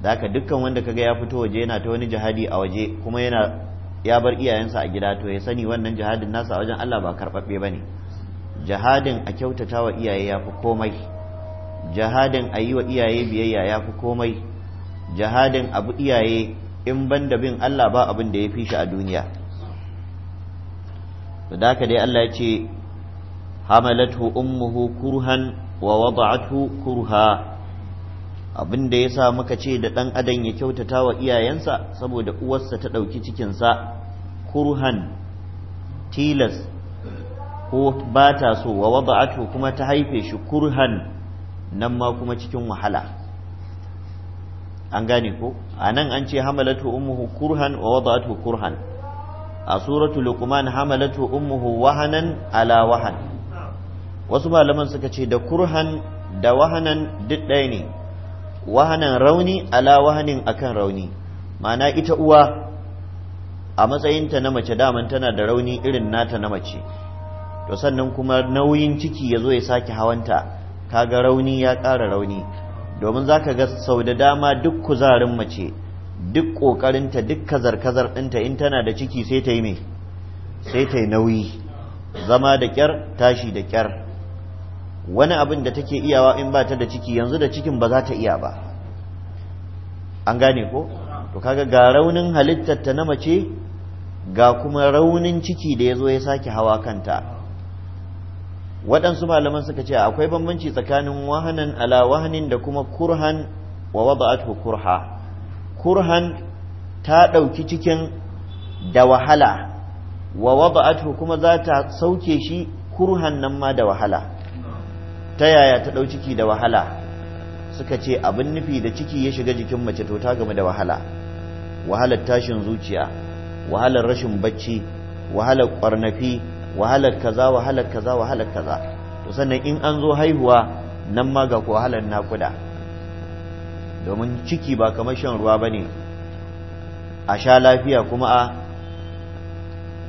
da haka dukkan wanda kaga ya fito waje yana ta wani jihadi a waje kuma yana ya bar iyayensa a gida to ya sani wannan jihadin nasa a wajen Allah ba karbabbe bane jihadin a kyautata wa iyaye ya fi komai jihadin a yi wa iyaye biyayya ya fi komai jihadin abu iyaye in banda bin Allah ba abin da ya fi shi a duniya to da haka dai Allah ya ce hamalathu ummuhu kurhan wa wada'athu kurha abin da yasa muka ce da dan adam ya kyautata wa iyayensa saboda uwarsa ta dauki cikin sa kurhan tilas ko ba ta so wa wada'athu kuma ta haife shi kurhan nan ma kuma cikin wahala an gane ko anan an ce hamalatu ummuhu kurhan wa wada'athu kurhan a suratu lukman hamalatu ummuhu wahanan ala wahan wasu malaman suka ce da kurhan da wahanan duk ɗaya ne wahanan rauni ala wahanin akan rauni mana ita uwa a matsayinta na mace daman tana da rauni irin nata na mace to sannan kuma nauyin ciki ya zo ya sake hawanta kaga rauni ya ƙara rauni domin za ka ga sau da dama duk kuzarin mace duk ƙoƙarinta duk kazar-kazar ɗinta in tana da ciki sai ta yi mai sai ta yi nauyi zama da ƙyar tashi da ƙyar wani abin da take iyawa in ba ta da ciki yanzu da cikin ba za ta iya ba an gane ko to kaga ga raunin halittar ta na mace ga kuma raunin ciki da ya zo ya sake hawa kanta waɗansu malaman suka ce akwai bambanci tsakanin wahanan ala wahanin da kuma kurhan wa wada'atu kurha kurhan ta ɗauki cikin da wahala wa wada'atu kuma za ta sauke shi kurhan nan ma da wahala ta yaya ta ɗau ciki da wahala suka ce abin nufi da ciki ya shiga jikin mace to ta game da wahala wahalar tashin zuciya wahalar rashin bacci wahalar ƙwarnafi wahalar kaza wahalar kaza wahalar kaza to sannan in an zo haihuwa nan ma ga wahalar nakuda domin ciki ba kamar shan ruwa ba ne a sha lafiya kuma a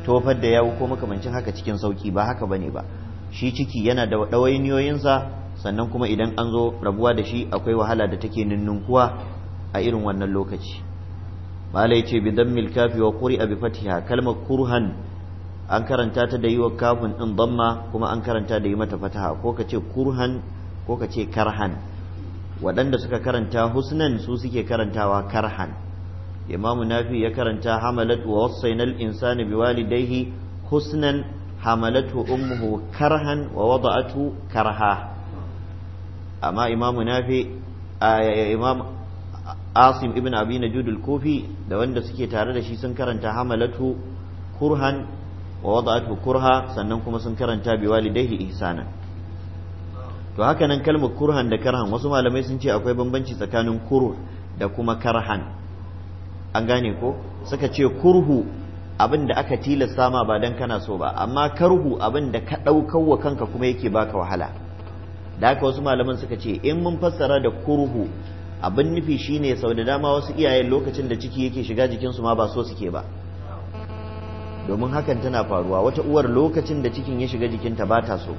tofar da yawu ko makamancin haka cikin sauki ba haka ba ne ba shi ciki yana da ɗawainiyoyinsa sannan kuma idan an zo rabuwa da shi akwai wahala da take nunnunkuwa a irin wannan lokaci malai ce bi dammil kafi wa a bi fatiha kalmar kurhan an karanta ta da yi wa kafin ɗin damma kuma an karanta da yi mata fataha ko ka ce kurhan ko ka ce karhan waɗanda suka karanta husnan su suke karantawa karhan imamu nafi ya karanta hamalat wa wasainal insani biwalidaihi husnan hamalatu ummuhu karhan wa wada'atu karha amma imamu nafi imam asim ibn abi najud al-kufi da wanda suke tare da shi sun karanta hamalatu kurhan wa wada'atu kurha sannan kuma sun karanta biwalidaihi ihsanan to haka nan kalmar kurhan da karhan wasu malamai sun ce akwai bambanci tsakanin kurh da kuma karhan an gane ko suka ce kurhu abin da aka tilasta ma ba dan kana so ba amma karhu abin da ka ɗaukar wa kanka kuma yake baka wahala da haka wasu malaman suka ce in mun fassara da kurhu abin nufi shine sau da dama wasu iyayen lokacin da ciki yake shiga jikinsu ma ba so suke ba domin hakan tana faruwa wata uwar lokacin da cikin ya shiga jikinta ba ta so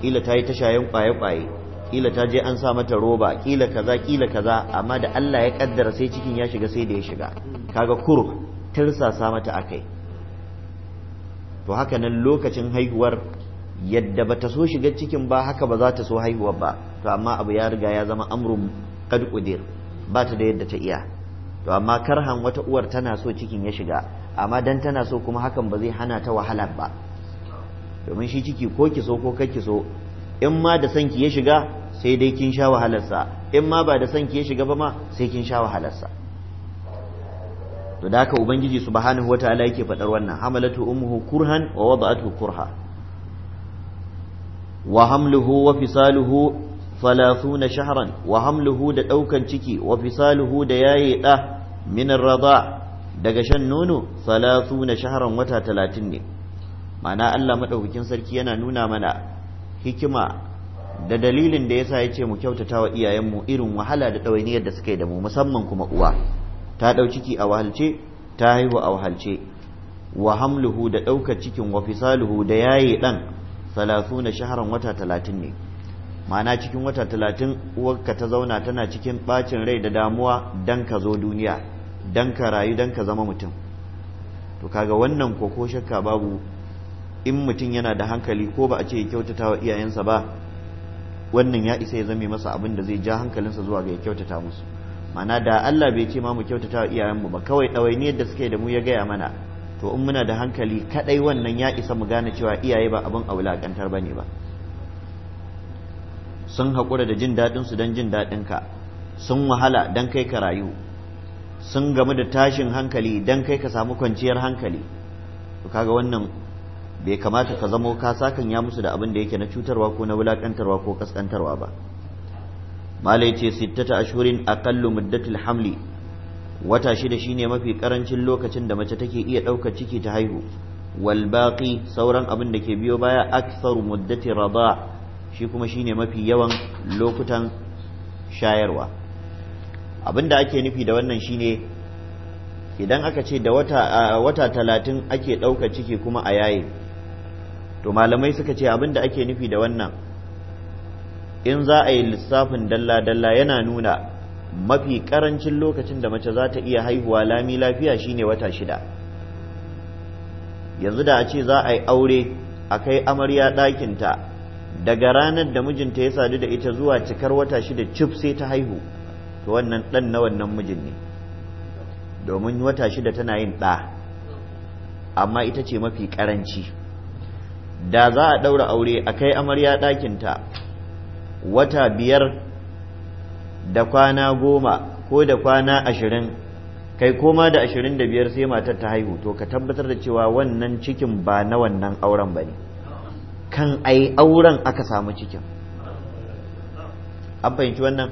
kila ta yi tashayen kwaye-kwaye kila ta je an sa mata roba kila kaza kila kaza amma da Allah ya kaddara sai cikin ya shiga sai da ya shiga kaga kurh sa mata akai to haka nan lokacin haihuwar yadda ba ta so shiga cikin ba haka ba za ta so haihuwar ba to amma abu ya riga ya zama amrun kadkudir ba ta da yadda ta iya to amma karhan wata uwar tana so cikin ya shiga amma dan tana so kuma hakan ba zai hana ta wahala ba domin shi ciki ko ki so ko kake so in ma da sanki ya shiga sai dai kin sha wahalarsa in ma ba da sanki ya shiga ba ma sai kin sha wahalarsa to da haka ubangiji subhanahu wataala yake faɗar wannan hamalatu ummuhu kurhan wa wada'atu kurha wa hamluhu wa fisaluhu 30 shahran wa hamluhu da daukan ciki wa fisaluhu da yaye da min ar daga shan nono 30 shahran wata talatin ne ma'ana Allah madaukakin sarki yana nuna mana hikima da dalilin da yasa ya ce mu kyautata wa iyayenmu irin wahala da ɗawainiyar da suka da mu musamman kuma uwa ta ɗau ciki a wahalce ta haihu a wahalce wa hamluhu da ɗaukar cikin wa fisaluhu da yaye ɗan salasu na shaharan wata talatin ne ma'ana cikin wata talatin uwarka ta zauna tana cikin ɓacin rai da damuwa dan ka zo duniya dan ka rayu dan ka zama mutum to kaga wannan ko ko shakka babu in mutum yana da hankali ko ba a ce ya kyautata wa iyayensa ba wannan ya isa ya zame masa abin da zai ja hankalinsa zuwa ga ya kyautata musu mana da Allah bai ce ma mu kyautata wa iyayenmu ba kawai ne yadda suke da mu ya gaya mana to in muna da hankali kadai wannan ya isa mu gane cewa iyaye ba abin aulakantar bane ba sun haƙura da jin daɗin su don jin daɗin ka sun wahala don kai ka rayu sun gamu da tashin hankali don kai ka samu kwanciyar hankali to kaga wannan bai kamata ka zamo ka sakan ya musu da abin da yake na cutarwa ko na wulakantarwa ko kaskantarwa ba malai ce sittata ashurin aqallu muddatil hamli wata shida shine mafi karancin lokacin da mace take iya ɗaukar ciki ta haihu wal baqi sauran abin da ke biyo baya aktharu muddati rada shi kuma shine mafi yawan lokutan shayarwa abin da ake nufi da wannan shine idan aka ce da wata talatin ake ɗaukar ciki kuma a yayi. to malamai suka ce abin da ake nufi da wannan in za a yi lissafin dalla-dalla yana nuna mafi karancin lokacin da mace za ta iya haihuwa lami lafiya shine wata shida yanzu da a ce za a yi aure a kai amarya ɗakinta daga ranar da mijinta ya sadu da ita zuwa cikar wata shida cif sai ta haihu to wannan ɗan na wannan mijin ne domin wata shida tana yin ɗa amma ita ce mafi karanci. da za a ɗaura aure a kai amarya ɗakinta wata biyar da kwana goma ko da kwana ashirin kai koma da ashirin da biyar sai matar ta haihu to ka tabbatar da cewa wannan cikin ba na wannan auren ba ne kan ai auren aka samu cikin an fahimci wannan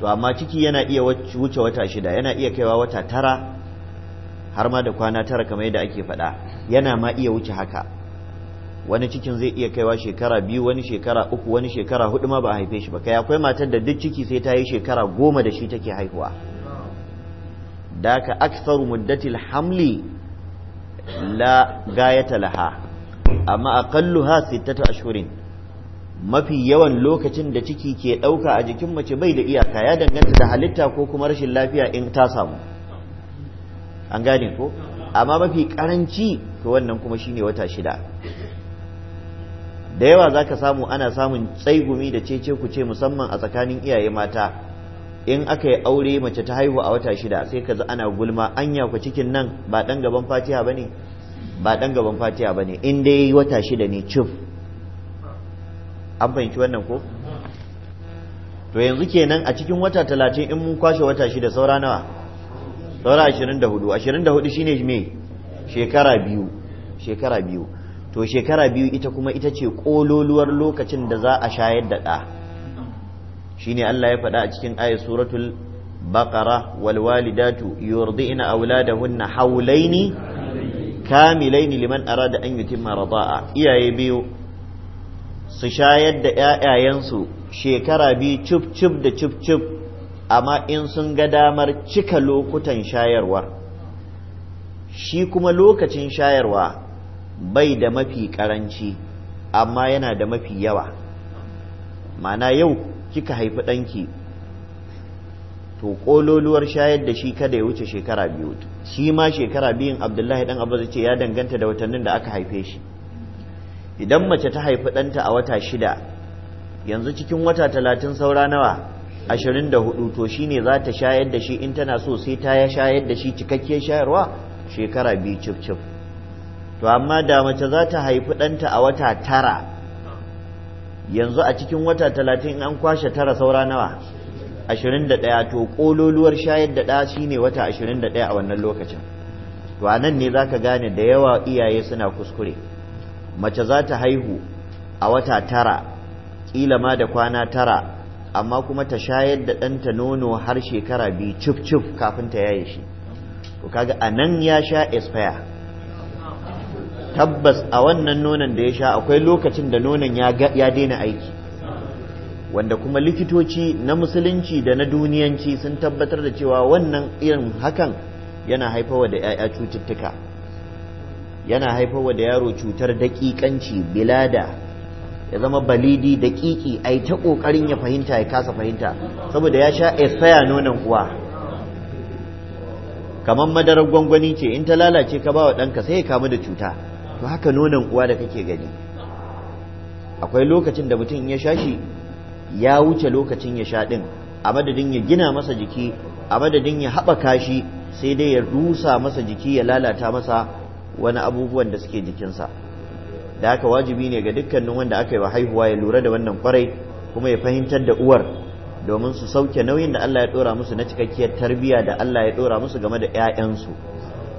to amma ciki yana iya wuce wata shida yana iya kaiwa wata tara har ma da kwana tara kamar yadda ake faɗa yana ma iya wuce haka wani cikin zai iya kaiwa shekara biyu wani shekara uku wani shekara hudu ma ba a haife shi ba kai akwai matar da duk ciki sai ta yi shekara goma da shi take haihuwa da ka aksaru muddatil hamli la gayata laha amma aqalluha sittatu ashhurin mafi yawan lokacin da ciki ke ɗauka a jikin mace bai da iyaka ya danganta da halitta ko kuma rashin lafiya in ta samu an gane ko amma mafi karanci to wannan kuma shine wata shida da yawa za ka samu ana samun tsaigumi da cece ku ce musamman a tsakanin iyaye mata in aka yi aure mace ta haihu a wata shida sai ka ana gulma anya ku cikin nan ba dan gaban fatiha bane ba dan gaban fatiha bane in dai wata shida ne cif an fahimci wannan ko to yanzu kenan a cikin wata talatin in mun kwashe wata shida saura nawa saura 24 24 shine me shekara biyu shekara biyu to shekara biyu ita kuma ita ce kololuwar lokacin da za a shayar da ɗa shine Allah ya faɗa a cikin ayat suratul baqara wal walidatu yurdina auladahunna hawlaini kamilaini liman arada an yutimma rida'a iyaye biyu su shayar da ƴaƴayensu shekara biyu cif da cif amma in sun ga damar cika lokutan shayarwar shi kuma lokacin shayarwa bai da mafi karanci amma yana da mafi yawa mana yau kika haifi ɗanki to ƙololuwar shayar da shi kada ya wuce shekara biyu shi ma shekara biyun abdullahi ɗan abu ce ya danganta da watannin da aka haife shi idan mace ta haifi ɗanta a wata shida yanzu cikin wata talatin saura nawa ashirin da hudu to shi ne za ta shayar da shi in tana so sai ta ya shayar da shi cikakkiyar shayarwa shekara biyu cif cif to amma da mace za ta haifi ɗanta a wata tara yanzu a cikin wata talatin an kwashe tara saura nawa ashirin da ɗaya to ƙololuwar shayar da ɗa shi ne wata ashirin da ɗaya a wannan lokacin to a nan ne za ka gane da yawa iyaye suna kuskure mace za ta haihu a wata tara ƙila ma da kwana tara amma kuma ta shayar da ɗanta nono har shekara biyu cif cif kafin ta yaye shi Ku kaga a nan ya sha expire tabbas a wannan nonon da ya sha akwai lokacin da nonon ya daina aiki wanda kuma likitoci na musulunci da na duniyanci sun tabbatar da cewa wannan irin hakan yana haifawa da 'ya'ya cututtuka yana haifawa da yaro cutar daƙiƙanci bilada ya zama balidi da kiki yi ta kokarin ya fahimta ya kasa fahimta saboda ya sha esaya nonon uwa kamar madarar gwangwani ce in ta lalace ka ba wa ɗanka sai ya kamu da cuta to haka nonon uwa da kake gani akwai lokacin da mutum ya sha shi ya wuce lokacin ya sha ɗin a madadin ya gina masa jiki a madadin ya haɓaka shi sai dai ya rusa masa jiki ya lalata masa wani abubuwan da suke jikinsa da aka wajibi ne ga dukkanin wanda aka yi wa haihuwa ya lura da wannan kwarai kuma ya fahimtar da uwar domin su sauke nauyin da Allah ya dora musu na cikakkiyar tarbiyya da Allah ya dora musu game da 'ya'yansu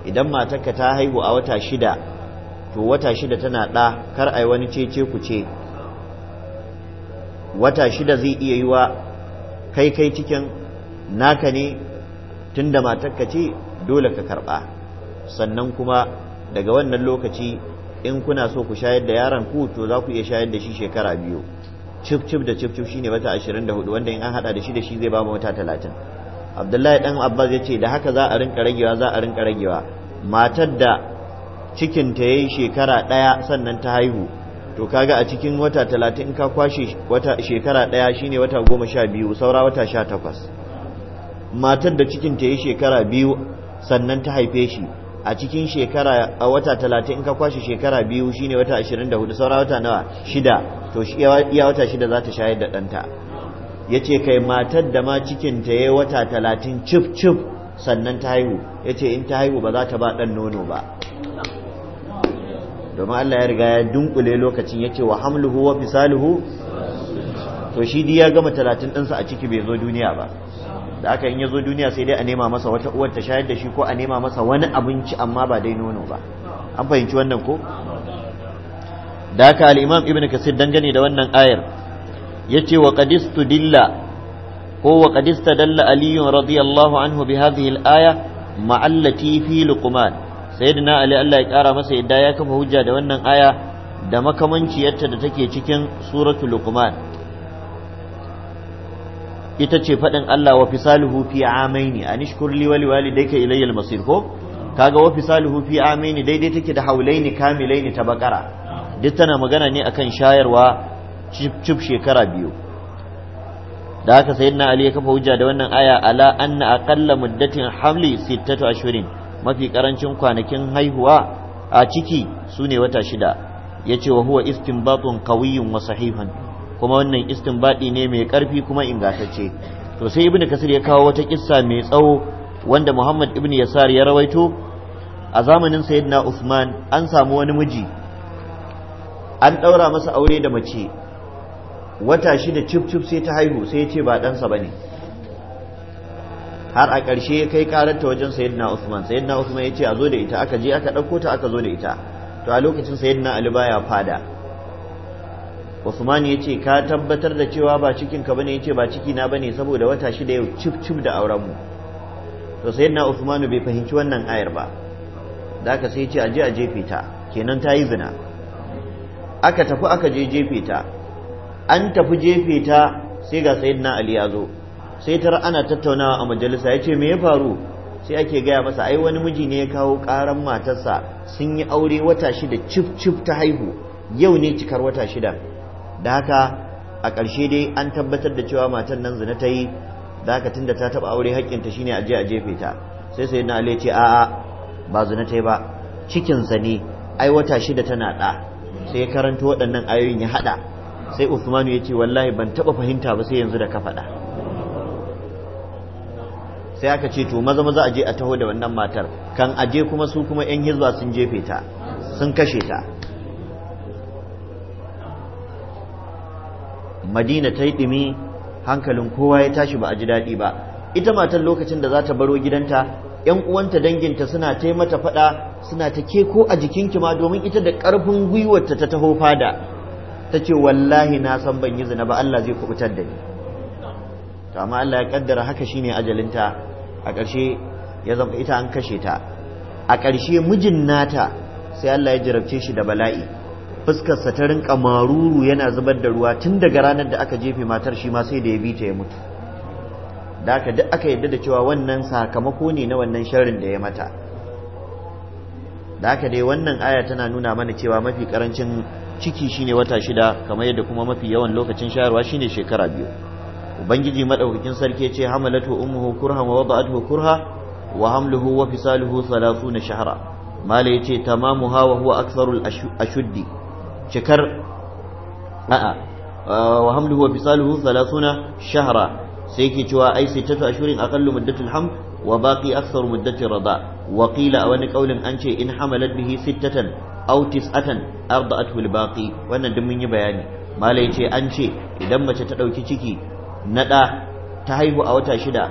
idan matarka ta haihu a wata shida to wata shida tana ɗa kar ai wani cece ku ce wata shida zai iya yiwa kai kai cikin naka ne tunda matarka ce dole ka karɓa sannan kuma daga wannan lokaci in kuna so ku shayar da yaron ku to za ku iya shayar da shi shekara biyu cif cif da cif cif shine wata 24 wanda in an hada da shi da shi zai ba mu wata 30 Abdullahi dan Abbas ya ce da haka za a rinka ragewa za a rinka ragewa matar da cikin ta yayi shekara daya sannan ta haihu to kaga a cikin wata 30 in ka kwashe wata shekara daya shine wata 12 saura wata 18 matar da cikin ta yayi shekara biyu sannan ta haife shi a cikin shekara a wata talatin in ka kwashe shekara biyu shine wata ashirin da hudu saura wata nawa shida to iya wata shida za ta shayar da ɗanta ya ce kai matar da ma cikinta ya wata talatin cif cif sannan ta haihu ya ce in ta haihu ba za ta ba ɗan nono ba domin Allah ya riga ya dunkule lokacin ya ce wa hamluhu wa fisaluhu to shi ya gama talatin ɗinsa a ciki bai zo duniya ba da aka in ya zo duniya sai dai a nema masa wata uwar ta shayar da shi ko a nema masa wani abinci amma ba dai nono ba an fahimci wannan ko da haka al-imam kasir dangane da wannan ayar yace wa qad Dilla, ko wa qad dalla ali radiyallahu anhu bi hadhihi al-aya ma'allati fi luqman sayyidina ali Allah ya kara masa yadda ya kafa hujja da wannan aya da makamanciyarta da take cikin suratul luqman ita ce faɗin Allah wa fisaluhu fi amaini an ishkur li wali dai ilayya al-masir ko kaga wa fisaluhu fi amaini daidai take da haulaini kamilaini ta bakara duk tana magana ne akan shayarwa cip shekara biyu da haka sayyidina ali ya kafa hujja da wannan aya ala anna aqalla muddatin hamli sittatu ashurin mafi karancin kwanakin haihuwa a ciki sune wata shida yace wa huwa istinbatun qawiyyun wa sahihan kuma wannan baɗi ne mai karfi kuma ingantacce to sai ibnu kasir ya kawo wata kissa mai tsawo wanda muhammad Ibn yasar ya rawaito a zamanin sayyidina usman an samu wani miji an daura masa aure da mace wata shi da cif sai ta haihu sai ya ce ba ɗansa ba ne har a ƙarshe ya kai ƙararta wajen sayyidina Usman sayyidina Usman ya ce a zo da ita aka je aka ɗauko ta aka zo da ita to a lokacin sayyidina Ali baya fada Usman ya ce ka tabbatar da cewa ba cikin ka bane yace ba ciki na bane saboda wata shida yau cip cip da auren mu to sayyidina Usman bai fahimci wannan ayar ba da ka sai ce aje a ta kenan ta yi zina aka tafi aka je jefe ta an tafi jefe ta sai ga sayyidina Ali ya zo sai tar ana tattaunawa a majalisa yace me ya faru sai ake gaya masa ai wani miji ne ya kawo karan matarsa sun yi aure wata shida cif cif ta haihu yau ne cikar wata shida da haka a ƙarshe dai an tabbatar da cewa matan nan zina ta yi da haka tun da ta taɓa aure haƙƙinta shine a je a jefe ta sai sai na ce a'a ba zina ta yi ba cikinsa ne aiwata wata shida tana ɗa sai karanta waɗannan ayoyin ya haɗa sai Usmanu ya ce wallahi ban taɓa fahimta ba sai yanzu da ka faɗa sai aka ce to maza maza a je a taho da wannan matar kan aje kuma su kuma 'yan hizba sun jefe ta sun kashe ta madina ta yi ɗumi hankalin kowa ya tashi ba a ji daɗi ba ita matan lokacin da za ta baro gidanta ‘yan uwanta danginta suna ta mata faɗa suna ta ke ko a jikin kima domin ita da ƙarfin gwiwarta ta taho fada ta ce wallahi na san ban yi zina ba Allah zai kubutar da ni to amma Allah ya kaddara haka shine ajalinta a ƙarshe ya zama ita an kashe ta a ƙarshe mijin nata sai Allah ya jarabce shi da bala'i fuskarsa ta rinka maruru yana zubar da ruwa tun daga ranar da aka jefe matar shi ma sai da ya bi ta ya mutu da aka duk aka yadda da cewa wannan sakamako ne na wannan sharrin da ya mata da aka dai wannan aya tana nuna mana cewa mafi karancin ciki shine wata shida kamar yadda kuma mafi yawan lokacin shayarwa shine shekara biyu ubangiji madaukakin sarki ce hamalatu ummuhu kurha wa wada'atuhu kurha wa hamluhu wa fisaluhu 30 shahra mala yace tamamuha wa huwa aktharul ashuddi shekar a'a wa hamluhu wa fisaluhu 30 shahra sai yake cewa ai sittatu shirin aqallu muddatul ham wa baqi aktharu muddatir rada wa qila a wani kaulin an ce in hamalat bihi sittatan aw tis'atan arda'athu al baqi wannan duk mun yi bayani malai ce an ce idan mace ta dauki ciki na da ta haihu a wata shida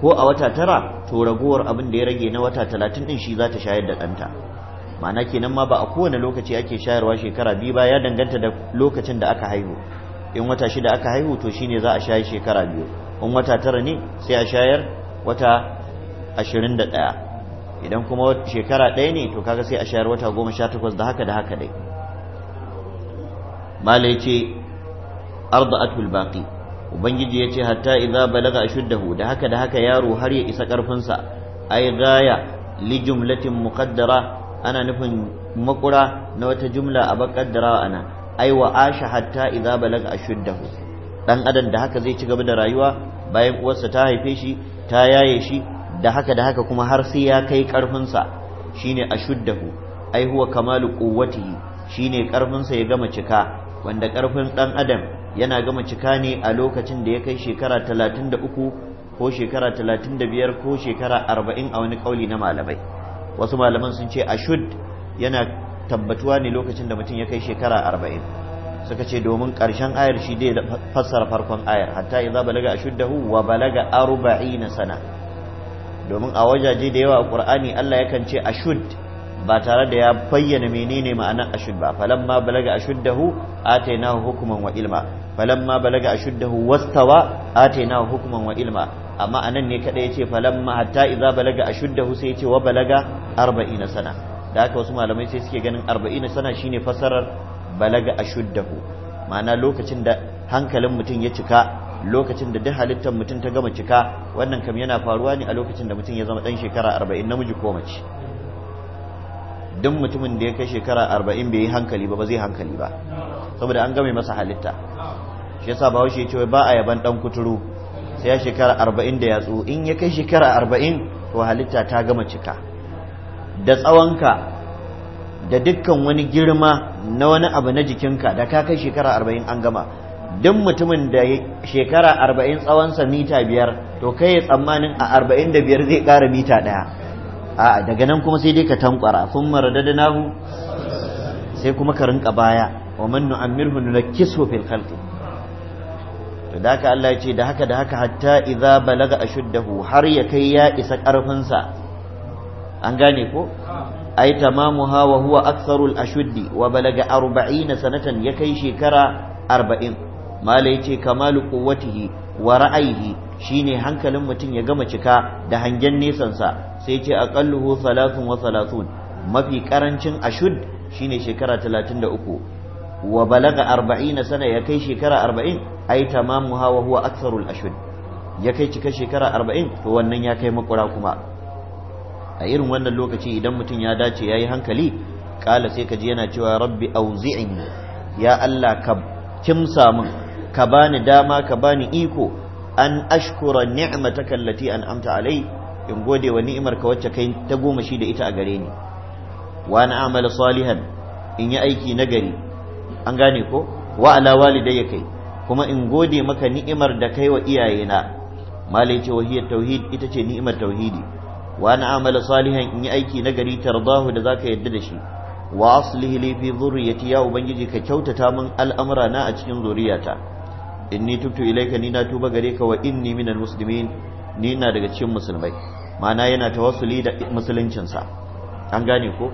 ko a wata tara to ragowar abin da ya rage na wata talatin din shi za ta shayar da ɗanta ma'ana kenan ma ba a kowane lokaci ake shayarwa shekara biyu ba ya danganta da lokacin da aka haihu in wata shida aka haihu to shine za a shayar shekara biyu in wata tara ne sai a shayar wata ashirin da ɗaya idan kuma shekara ɗaya ne to kaga sai a shayar wata goma sha takwas da haka da haka dai malai ce atul baqi ubangiji ya ce hatta idza balaga ashuddahu da haka da haka yaro har ya isa ƙarfinsa ai gaya li jumlatin muqaddara ana nufin makura na wata jumla a bakaddara ana ai wa asha hatta idza balaga ashuddahu Ɗan adam da haka zai ci gaba da rayuwa bayan uwarsa ta haife shi ta yaye shi da haka da haka kuma har sai ya kai karfin sa shine ashuddahu ai huwa kamalu quwwatihi shi karfin sa ya gama cika wanda karfin ɗan adam yana gama cika ne a lokacin da ya kai shekara 33 ko shekara 35 ko shekara arba'in a wani ƙauli na malamai wasu malaman sun ce ashud yana tabbatuwa ne lokacin da mutum ya kai shekara arba'in suka ce domin ƙarshen ayar shi dai fassara farkon ayar hatta za balaga da wa balaga na sana domin a wajaje da yawa a Qur'ani Allah yakan ce ashud ba tare da ya bayyana menene ma'anar ashud ba ma balaga ashuddahu atainahu hukuman wa ilma falamma balaga ashuddahu wastawa hukuman wa ilma amma anan ne kada yace falamma hatta idza balaga ashuddahu sai yace wa balaga 40 sana da haka wasu malamai sai suke ganin 40 sana shine fasarar balaga ashuddahu ma'ana lokacin da hankalin mutum ya cika lokacin da duk halittar mutum ta gama cika wannan kam yana faruwa ne a lokacin da mutum ya zama dan shekara 40 namiji ko mace duk mutumin da ya kai shekara 40 bai yi hankali ba ba zai hankali ba saboda an game masa halitta shi yasa bahaushe ya ce ba a yaban dan kuturu sai ya shekara arba'in da yatsu in ya kai shekara arba'in to halitta ta gama cika da tsawonka da dukkan wani girma na wani abu na jikinka da ka kai shekara arba'in an gama duk mutumin da shekara arba'in tsawonsa mita biyar to kai tsammanin a arba'in da biyar zai kara mita ɗaya a daga nan kuma sai dai ka tankwara sun maradada nahu sai kuma ka rinka baya wa man nu'ammirhu nulakkisu fil khalqi to da haka Allah ya ce da haka da haka hatta idza balaga ashuddahu har ya kai ya isa karfin sa an gane ko ai ha wa huwa aktharul ashuddi wa balaga 40 sanatan ya kai shekara 40 mala yace kamalu quwwatihi wa ra'ayihi shine hankalin mutum ya gama cika da hangen nesan sa sai yace aqalluhu 33 mafi karancin ashud shine shekara 33 wa balaga arba'ina sana ya kai shekara arba'in ai tamamuha hawa huwa aktharul ashud ya kai cika shekara arba'in to wannan ya kai makura kuma a irin wannan lokaci idan mutum ya dace ya yi hankali kala sai ka ji yana cewa rabbi auzi'ini ya Allah ka kimsa min ka bani dama ka bani iko an ashkura ni'mataka allati amta alai in gode wa ni'imar ka wacce kai ta goma shi da ita a gare ni wa na amala salihan in yi aiki na gari. an gane ko wa ala walidayya kai kuma in gode maka ni'imar da kai wa iyayena malai ce wahiyar tauhid ita ce ni'imar tauhidi wa na amala salihan in yi aiki na gari tardahu da zaka yadda da shi wa aslihi li fi dhurriyyati ya ubangiji ka kyautata min al'amura na a cikin zuriyata inni tubtu ilayka ni na tuba gare ka wa inni minal muslimin ni na daga cikin musulmai ma'ana yana tawassuli da musuluncinsa an gane ko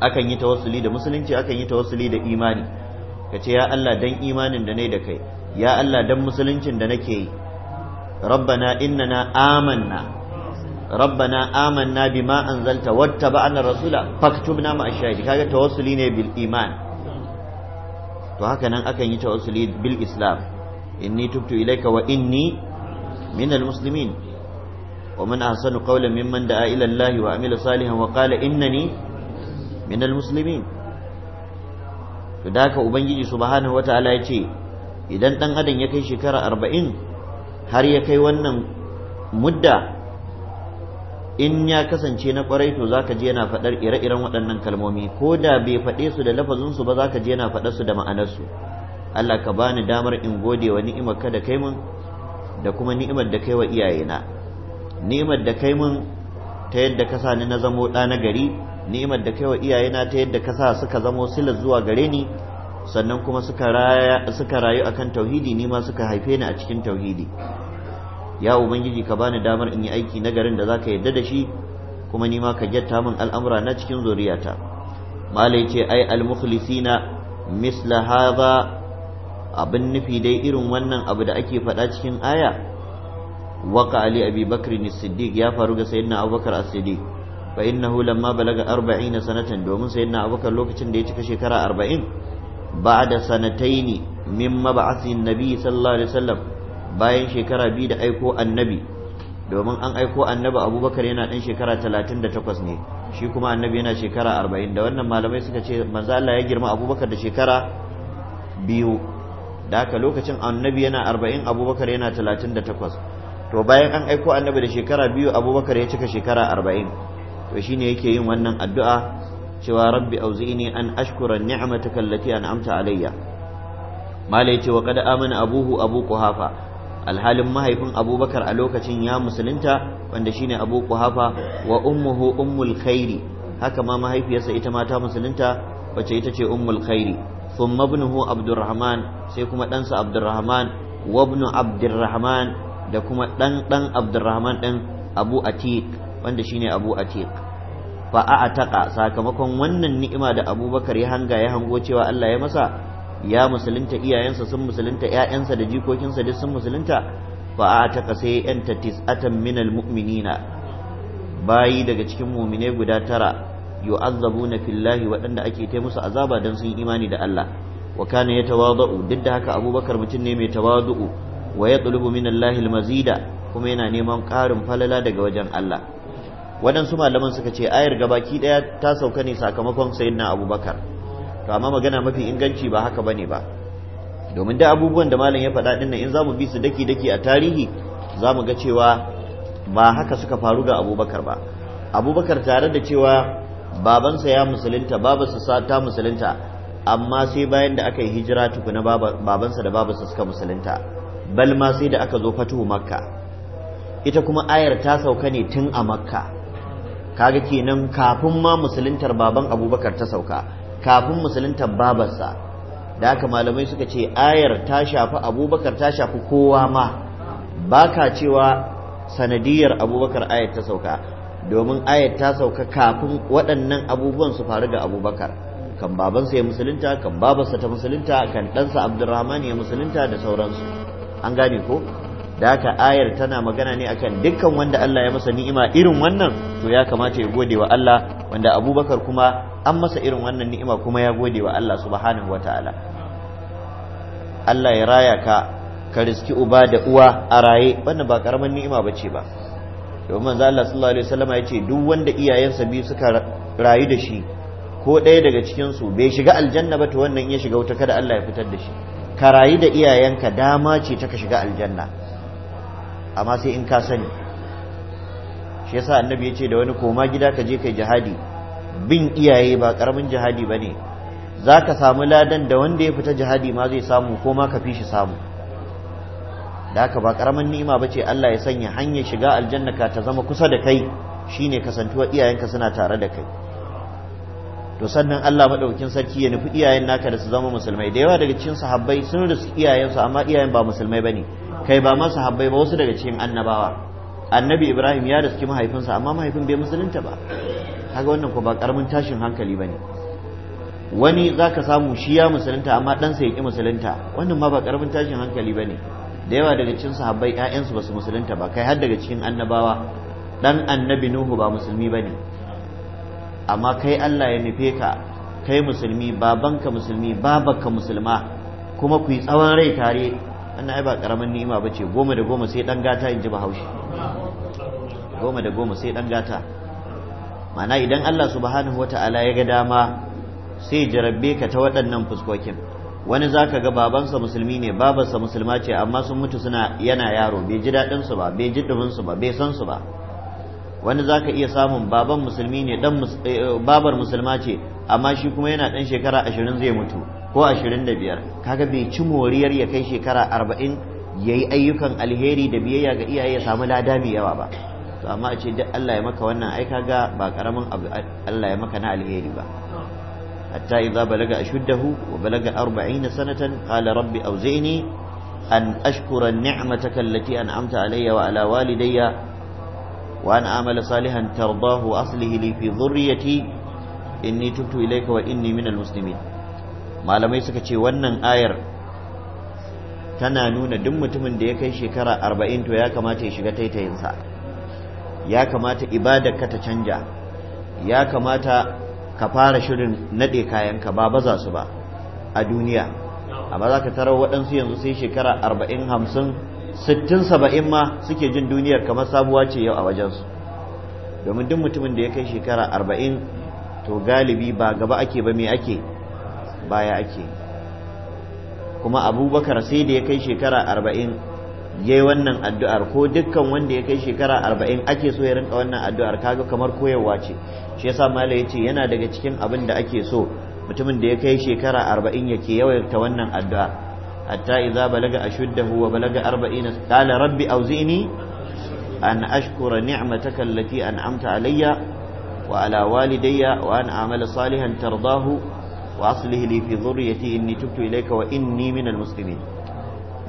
akan yi tawassuli da musulunci akan yi tawassuli da imani ka ce ya Allah dan imanin da ne da kai ya Allah dan musuluncin da nake yi rabbana innana amanna rabbana amanna bima anzalta wattaba'na rasula faktubna ma ashahidi kaga tawassuli ne bil iman to haka nan akan yi tawassuli bil islam inni tubtu ilayka wa inni minal muslimin ومن أحسن قولا ممن دعا إلى الله وعمل صالحا وقال إنني Minal Musulmi? to da haka ubangiji subhanahu wataala ya ce idan ɗan adam ya kai shekara arba'in har ya kai wannan mudda in ya kasance na kwarai to zaka je yana faɗar ire-iren waɗannan kalmomi ko da bai faɗe su da lafazin su ba zaka je yana faɗar su da ma'anarsu. Allah ka bani damar in gode wa ni'imar da kai mun da kuma ni'imar da kai wa iyayena ni'imar da kai mun ta yadda ka sani na zamo ɗa na gari ni'imar da kaiwa iyayena ta yadda ka sa suka zamo silar zuwa gare ni sannan kuma suka raya suka rayu akan tauhidi ni ma suka haife ni a cikin tauhidi ya ubangiji ka bani damar in yi aiki na garin da za ka yadda da shi kuma ni ma ka gyatta min al'amura na cikin zuriyata malai ce ai al-mukhlisina misla hadha abin nufi dai irin wannan abu da ake faɗa cikin aya waka ali abi bakr siddiq ya faru ga sayyidina abubakar as-siddiq fa innahu lamma balaga 40 sanatan domin sayyidina abubakar lokacin da ya cika shekara 40 ba'da sanataini min mab'athin nabi sallallahu alaihi wasallam bayan shekara biyu da aiko annabi domin an aiko annabi abubakar yana dan shekara 38 ne shi kuma annabi yana shekara 40 da wannan malamai suka ce manzo Allah ya girma abubakar da shekara biyu da haka lokacin annabi yana 40 abubakar yana 38 to bayan an aiko annabi da shekara biyu abubakar ya cika shekara 40 to shine yake yin wannan addu'a cewa rabbi auzi'ini an ashkura ni'mataka allati an'amta alayya malai ce wa qad amana abuhu abu quhafa alhalin mahaifin abubakar a lokacin ya musulunta wanda shine abu quhafa wa ummuhu ummul khairi haka ma mahaifiyarsa ita ma ta musulunta wacce ita ce ummul khairi thumma ibnuhu abdurrahman sai kuma ɗansa abdurrahman wa ibnu abdurrahman da kuma ɗan ɗan abdurrahman ɗin abu atiq wanda shine abu atiq fa a'taqa sakamakon wannan ni'ima da abubakar ya hanga ya hango cewa Allah ya masa ya musulunta iyayensa sun musulunta ƴaƴansa da jikokinsa duk sun musulunta fa a'taqa sai tatis tis'atan minal mu'minina bayi daga cikin mu'mine guda tara yu'azzabuna fillahi waɗanda ake ta musu azaba dan sun imani da Allah wa kana yatawadau duk da haka abubakar mutum ne mai tawadu'u wa yatlubu min Allahil kuma yana neman karin falala daga wajen Allah waɗansu malaman suka ce ayar gabaki ɗaya ta sauka ne sakamakon sayin na abubakar to amma magana mafi inganci ba haka bane ba domin da abubuwan da malam ya faɗa ɗin in za mu bi su daki daki a tarihi za mu ga cewa ba haka suka faru ga abubakar ba abubakar tare da cewa babansa ya musulunta babarsa ta musulunta amma sai bayan da aka yi hijira tukuna babansa da babarsa suka musulunta bal ma sai da aka zo fatuhu makka ita kuma ayar ta sauka ne tun a makka kaga kenan kafin ma musuluntar baban abubakar ta sauka kafin musuluntar babarsa da haka malamai suka ce ayar ta shafi abubakar ta shafi kowa ma ba ka cewa sanadiyar abubakar ayar ta sauka domin ayar ta sauka kafin waɗannan abubuwan su faru ga abubakar kan babansa ya musulunta kan babarsa ta musulunta kan ɗansa abdurrahman ya musulunta da sauransu an gane ko da haka ayar tana magana ne akan dukkan wanda Allah ya masa ni'ima irin wannan to ya kamata ya gode wa Allah wanda Abubakar kuma an masa irin wannan ni'ima kuma ya gode wa Allah subhanahu wataala Allah ya raya ka ka riski uba da uwa a raye wannan ba karamin ni'ima bace ba domin manzo Allah sallallahu alaihi wasallam ya ce duk wanda iyayensa biyu suka rayu da shi ko ɗaya daga cikin su bai shiga aljanna ba to wannan ya shiga wuta kada Allah ya fitar da shi ka rayu da iyayenka dama ce ta ka shiga aljanna amma sai in ka sani shi yasa annabi ya ce da wani koma gida ka je kai jihadi bin iyaye ba karamin jihadi bane ne za samu ladan da wanda ya fita jihadi ma zai samu ko ma ka fi shi samu da haka ba karamin ni'ima ba ce Allah ya sanya hanyar shiga aljanna ka ta zama kusa da kai shine kasantuwa iyayenka suna tare da kai to sannan Allah madaukin sarki ya nufi iyayen naka da su zama musulmai da yawa daga cikin sahabbai sun iyayen iyayensu amma iyayen ba musulmai bane kai ba ma sahabbai ba wasu daga cikin annabawa annabi Ibrahim ya riski mahaifinsa amma mahaifin bai musulunta ba kaga wannan ko ba karamin tashin hankali bane wani zaka samu shi ya musulunta amma dan ya ki musulunta wannan ma ba karamin tashin hankali bane da yawa daga cikin sahabbai ƴaƴansu ba su musulunta ba kai har daga cikin annabawa dan annabi Nuhu ba musulmi bane amma kai Allah ya nufe ka kai musulmi babanka musulmi babanka musulma kuma ku yi tsawon rai tare wannan ai ba karamin ni'ima bace goma da goma sai dan gata in ji bahaushe goma da goma sai dan gata ma'ana idan Allah subhanahu wata'ala ya ga dama sai jarabbe ka ta waɗannan fuskokin wani za ka ga babansa musulmi ne babarsa musulma ce amma sun mutu suna yana yaro bai ji daɗinsu ba bai ji ɗuminsu ba bai san su ba wani zaka iya samun baban musulmi ne dan eh, babar musulma ce amma shi kuma yana dan shekara ashirin zai mutu ko ashirin da biyar kaga bai ci moriyar ya kai shekara ya yayi ayyukan alheri da biyayya ga iyaye ya samu lada mai yawa ba to amma a ce duk Allah ya maka wannan ai kaga ba karamin abu Allah ya maka na alheri ba حتى إذا بلغ balaga وبلغ أربعين سنة قال رب أوزعني أن أشكر نعمتك alayyawa أنعمت علي وعلى والدي وأن أعمل صالحا ترضاه وأصله لي في ذريتي إني تبت إليك وإني من المسلمين ما لم يسكتي ونن آير tana nuna duk mutumin da ya kai shekara arba'in to ya kamata ya shiga taitayinsa ya kamata ibadar ka ta canja ya kamata ka fara shirin naɗe kayanka ba baza su ba a duniya amma za ka tarar waɗansu yanzu sai shekara arba'in hamsin sittin saba'in ma suke jin duniyar kamar sabuwa ce yau a wajensu domin duk mutumin da ya kai shekara arba'in to galibi ba gaba ake ba me ake baya ake kuma abubakar sai da ya kai shekara arba'in ya yi wannan addu'ar ko dukkan wanda ya kai shekara arba'in ake so ya rinka wannan addu'ar kaga kamar koyarwa ce shi ya mala ya ce yana daga cikin abin da ake so mutumin da ya kai shekara arba'in yake yawaita wannan addu'ar hatta idza balaga ashuddahu wa balaga 40 qala rabbi auzini an ashkura ni'mataka allati an'amta alayya wa ala walidayya wa an a'mala salihan tardahu wa aslih li fi dhurriyyati inni tubtu ilayka wa inni minal musulmi.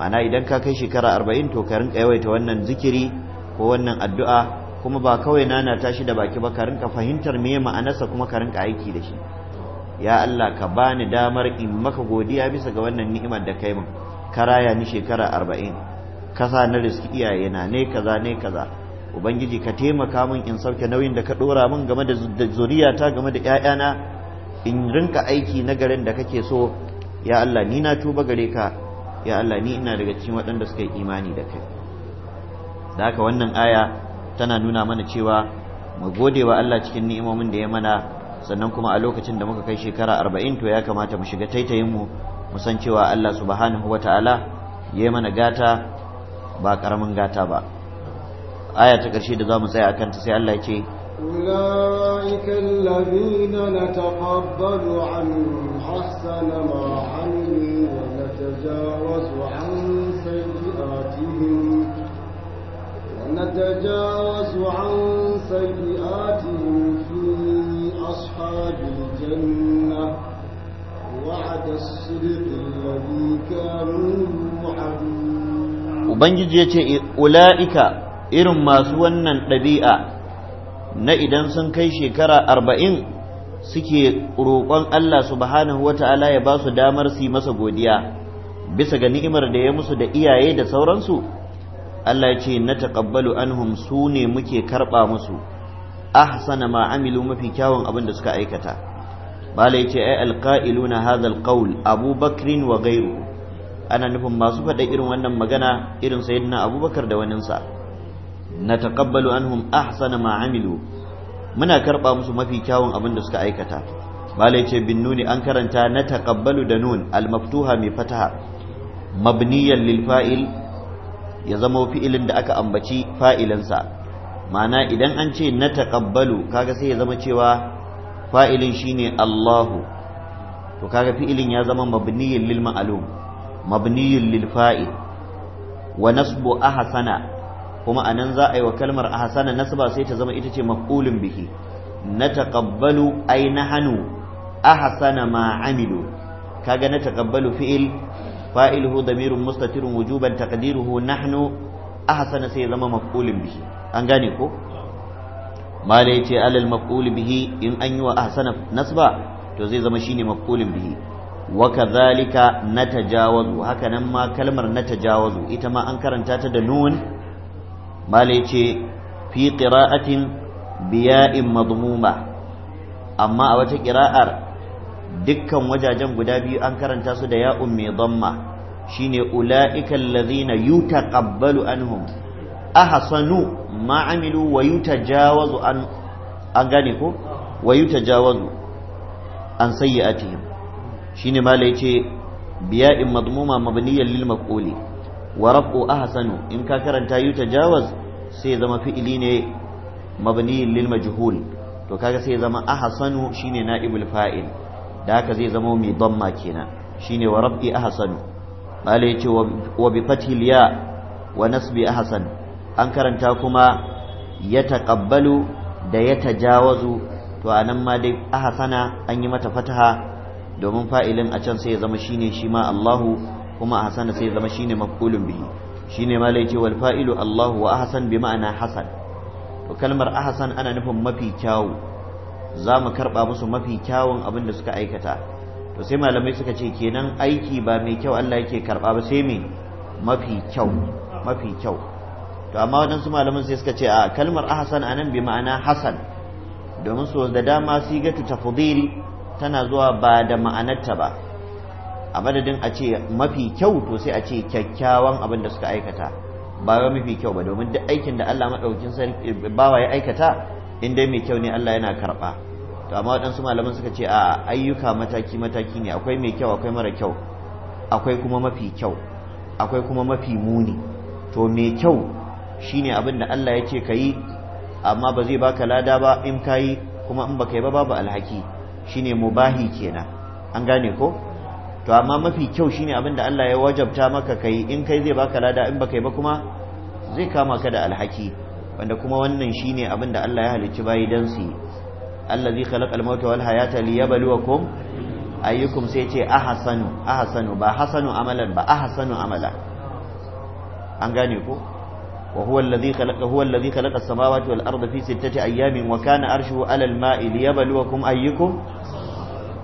mana idan ka kai shekara arba'in to ka rinka yawaita wannan zikiri ko wannan addu'a kuma ba kawai nana tashi da baki ba ka rinka fahimtar meye ma'anarsa kuma ka rinka aiki da shi ya Allah ka bani damar in maka godiya bisa ga wannan ni'imar da kai min ka raya ni shekara arba'in ka sa na riski na ne kaza ne kaza ubangiji ka taimaka min in sauke nauyin da ka dora min game da zuriyata game da 'ya'yana in rinka aiki na garin da kake so ya Allah ni na tuba gare ka ya Allah ni ina daga cikin waɗanda suka yi imani da kai da haka wannan aya tana nuna mana cewa mu gode wa Allah cikin ni'imomin da ya mana sannan kuma a lokacin da muka kai shekara arba'in to ya kamata mu shiga taitayinmu mu san cewa Allah subhanahu wa ta'ala ya mana gata ba karamin gata ba aya ta ƙarshe da za mu tsaya a kanta sai Allah ya ce أولئك الذين نتقبل عنهم حسن ما عملوا ونتجاوز عن سيئاتهم ونتجاوز عن سيئاتهم الجنة وعد الصدق الذي كانوا يوعدون وبنجي يتي أولئك إرم ما ɗabi'a na idan sun kai shekara arba'in suke roƙon Allah subhanahu wa ta'ala ya ba su damar su masa godiya bisa ga ni'imar da ya musu da iyaye da sauransu Allah ya ce na taƙabbalu anhum su ne muke karɓa musu ahsana ma ma’amilu mafi kyawun abin da suka aikata malai yace ai alqailuna hadha alqaul Abubakrin wa Gairu. ana nufin masu faɗa irin wannan magana irin sayyidina abubakar da waninsa na taqabbalu anhum ahsana ma amilu muna karɓa musu mafi kyawun abin da suka aikata malai ce bin nuni an karanta na taqabbalu da nun almaftuha mai fataha mabniyan lil fa'il ya zama fi'ilin da aka ambaci fa'ilansa ma'ana idan an ce na taƙabbalu kaga sai ya zama cewa fa'ilin shi ne Allahu to kaga fi'ilin ya zama mabniyin lil ma'alum mabniyin lil fa'il wa nasbu ahsana kuma anan za a yi wa kalmar ahsana nasba sai ta zama ita ce maf'ulun bihi na taqabbalu hannu a ahsana ma amilu kaga na taqabbalu fi'il fa'iluhu damirun mustatirun wujuban taqdiruhu nahnu ahsana sai zama maf'ulun bihi an gane ko mala ce alal maf'ul bihi in an yi wa ahsana nasba to zai zama shine maf'ulin bihi wa kadhalika natajawazu haka nan ma kalmar natajawazu ita ma an karanta ta da nun mala ce fi qira'atin biya'in madmuma amma a wata qira'ar dukkan wajajen guda biyu an karanta su da ya'un mai damma shine ula'ika allazina yutaqabbalu anhum ahsanu ma amilu wa yutajawazu an an gane ko wa jawazu an sayi sayyi'atihim shine mala biya in madmuma mabniyan lilma koli, wa rabu ahsanu in ka karanta yi ta yutajawaz sai zama fi'ili ne mabniyan lilma majhul to kaga sai zama a ahsanu shine na'ibul fa'il da haka zai zama mai damma kenan shine wa rabbi ahsanu mala yace wa bi fathil ya wa nasbi ahsan an karanta kuma ya taƙabbalu da ya tajawazu to a nan ma dai ahasana an yi mata fataha domin fa'ilin a can sai ya zama shine shi ma Allahu kuma a hasana sai ya zama shine maf'ulun bihi shine ma laice wal fa'ilu Allahu wa ahsan bi ma'ana hasan to kalmar ahsan ana nufin mafi kyawu za mu karɓa musu mafi kyawun abin da suka aikata to sai malamai suka ce kenan aiki ba mai kyau Allah yake karɓa ba sai me mafi kyau to amma waɗansu malaman sai suka ce a kalmar ahsan anan bi ma'ana hasan domin so da dama ta tafdil tana zuwa ba da ma'anarta ba a madadin a ce mafi kyau to sai a ce kyakkyawan abin da suka aikata ba ga mafi kyau ba domin duk aikin da Allah madaukakin sarki bawa ya aikata in dai mai kyau ne Allah yana karba to amma waɗansu malaman suka ce a ayyuka mataki mataki ne akwai mai kyau akwai mara kyau akwai kuma mafi kyau akwai kuma mafi muni to mai kyau shine abin da Allah ya ce ka yi amma ba zai baka lada ba in ka yi kuma in baka yi ba babu alhaki shine mubahi kenan an gane ko to amma mafi kyau shine abin da Allah ya wajabta maka kai in kai zai baka lada in baka yi ba kuma zai kama ka da alhaki wanda kuma wannan shine abin da Allah ya halicci bayi dan su allazi khalaqal mauta wal hayata liyabluwakum ayyukum sai ce ahsanu ahsanu ba hasanu amalan ba ahsanu amala an gane ko وهو الذي خلق هو الذي خلق السماوات والأرض في ستة أيام وكان أرشه على الماء ليبلوكم أيكم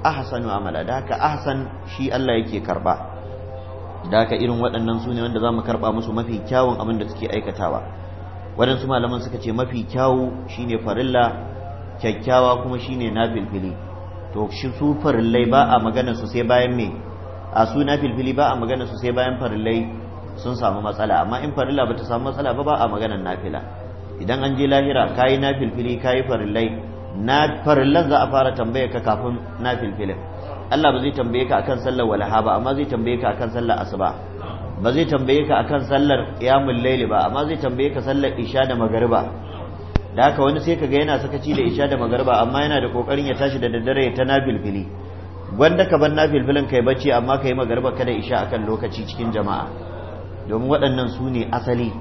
أحسن عملا ذاك أحسن شيء الله يكي كربا ذاك إلهم وأنن سوني وأن ذا مكربا مسو ما في كاو أمن دسكي أي كتاوا وأن سما لمن سكتي ما في كاو شيني فرلا kyakkyawa kuma shine na filfili to shi su farillai ba a magana su sai bayan me a su na filfili ba a magana su sai bayan farillai sun samu matsala amma in farilla bata samu matsala ba ba a maganar nafila idan an je lahira yi nafilfili kayi farillai na farillan za a fara tambaye ka kafin nafilfilin Allah ba zai tambaye ka akan sallar walaha ba amma zai tambaye ka akan sallar asuba ba zai tambaye ka akan sallar qiyamul layli ba amma zai tambaye ka sallar isha da magariba da haka wani sai kaga yana sakaci da isha da magariba amma yana da kokarin ya tashi da daddare ya ta nafilfili gwanda ka bar nafilfilin kai bacci amma kai magariba kada isha akan lokaci cikin jama'a domin waɗannan su ne asali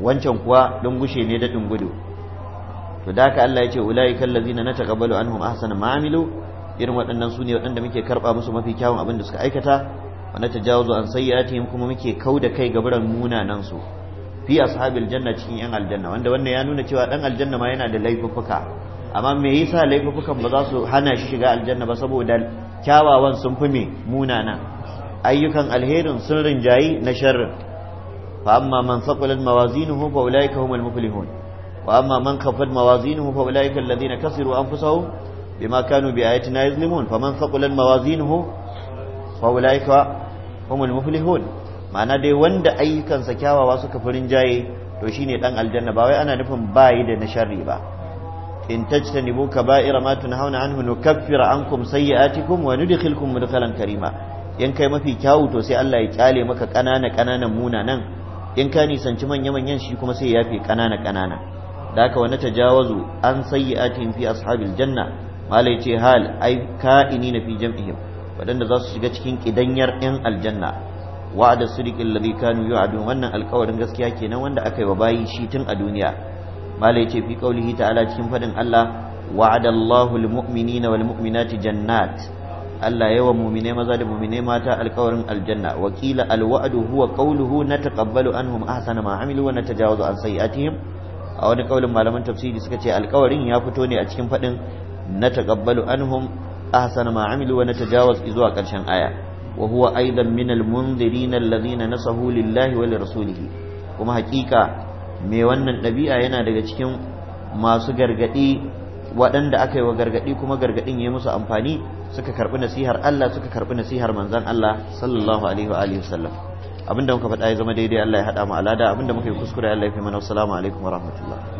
wancan kuwa gushe ne daɗin gudu to da ka Allah ya ce ulai na nataqabbalu an ahsana ma amilu irin waɗannan su ne waɗanda muke karɓa musu mafi kyawun abin da suka aikata wa zuwa an sayyi'atihim kuma muke kau da kai gaburan munanan su fi ashabil janna cikin yan aljanna wanda wannan ya nuna cewa ɗan aljanna ma yana da laifuffuka amma me yasa laifuffukan ba za su hana shi shiga aljanna ba saboda kyawawan sun fi me munana ayyukan alherin sun rinjayi na sharrin fa amma man saqulat mawazinuhu fa ulaika humul muflihun wa amma man khaffat mawazinuhu fa ulaika alladhina kasiru anfusahum bima kanu biayatina yazlimun fa man saqulat mawazinuhu fa ulaika humul muflihun ma'ana dai wanda ayyukan ayyukansa kyawawa suka furin jaye to shine dan aljanna ba wai ana nufin bayi da na sharri ba in tajtanibu kaba'ira ma tunhauna anhu nukaffiru ankum sayyi'atikum wa nudkhilukum mudkhalan karima in kai mafi kyawu to sai Allah ya kyale maka ƙanana ƙananan munanan in ka nisanci manya manyan shi kuma sai ya fi ƙanana ƙanana da haka wani tajawazu an sayyi'atihim fi ashabil janna malai ce hal ai na fi jam'ihim waɗanda za su shiga cikin ƙidanyar 'yan aljanna wa'ad as-sidq kanu yu'adun wannan alƙawarin gaskiya kenan wanda aka yi wa bayi shi tun a duniya malai ce fi qaulihi ta'ala cikin fadin Allah wa'ada Allahu lil mu'minina wal mu'minati jannat Allah yawa mumine maza da mumine mata alkawarin aljanna wakila qila alwa'du huwa qawluhu nataqabbalu anhum ahsana ma amilu wa natajawazu an sayi'atihim a wani kaulin malaman tafsiri suka ce alkawarin ya fito ne a cikin fadin nataqabbalu anhum ahsana ma amilu wa natajawaz zuwa karshen aya wa huwa aidan min almunzirin alladhina nasahu lillahi wa lirasulihi kuma hakika me wannan ɗabi'a yana daga cikin masu gargadi waɗanda aka yi wa gargadi kuma gargadin ya musu amfani suka karbi nasihar Allah suka karbi nasihar manzon Allah sallallahu alaihi wa alihi wasallam abinda muka faɗa ya zama daidai Allah ya hada mu alada abinda muka yi kuskure Allah ya fi mana assalamu alaikum wa rahmatullah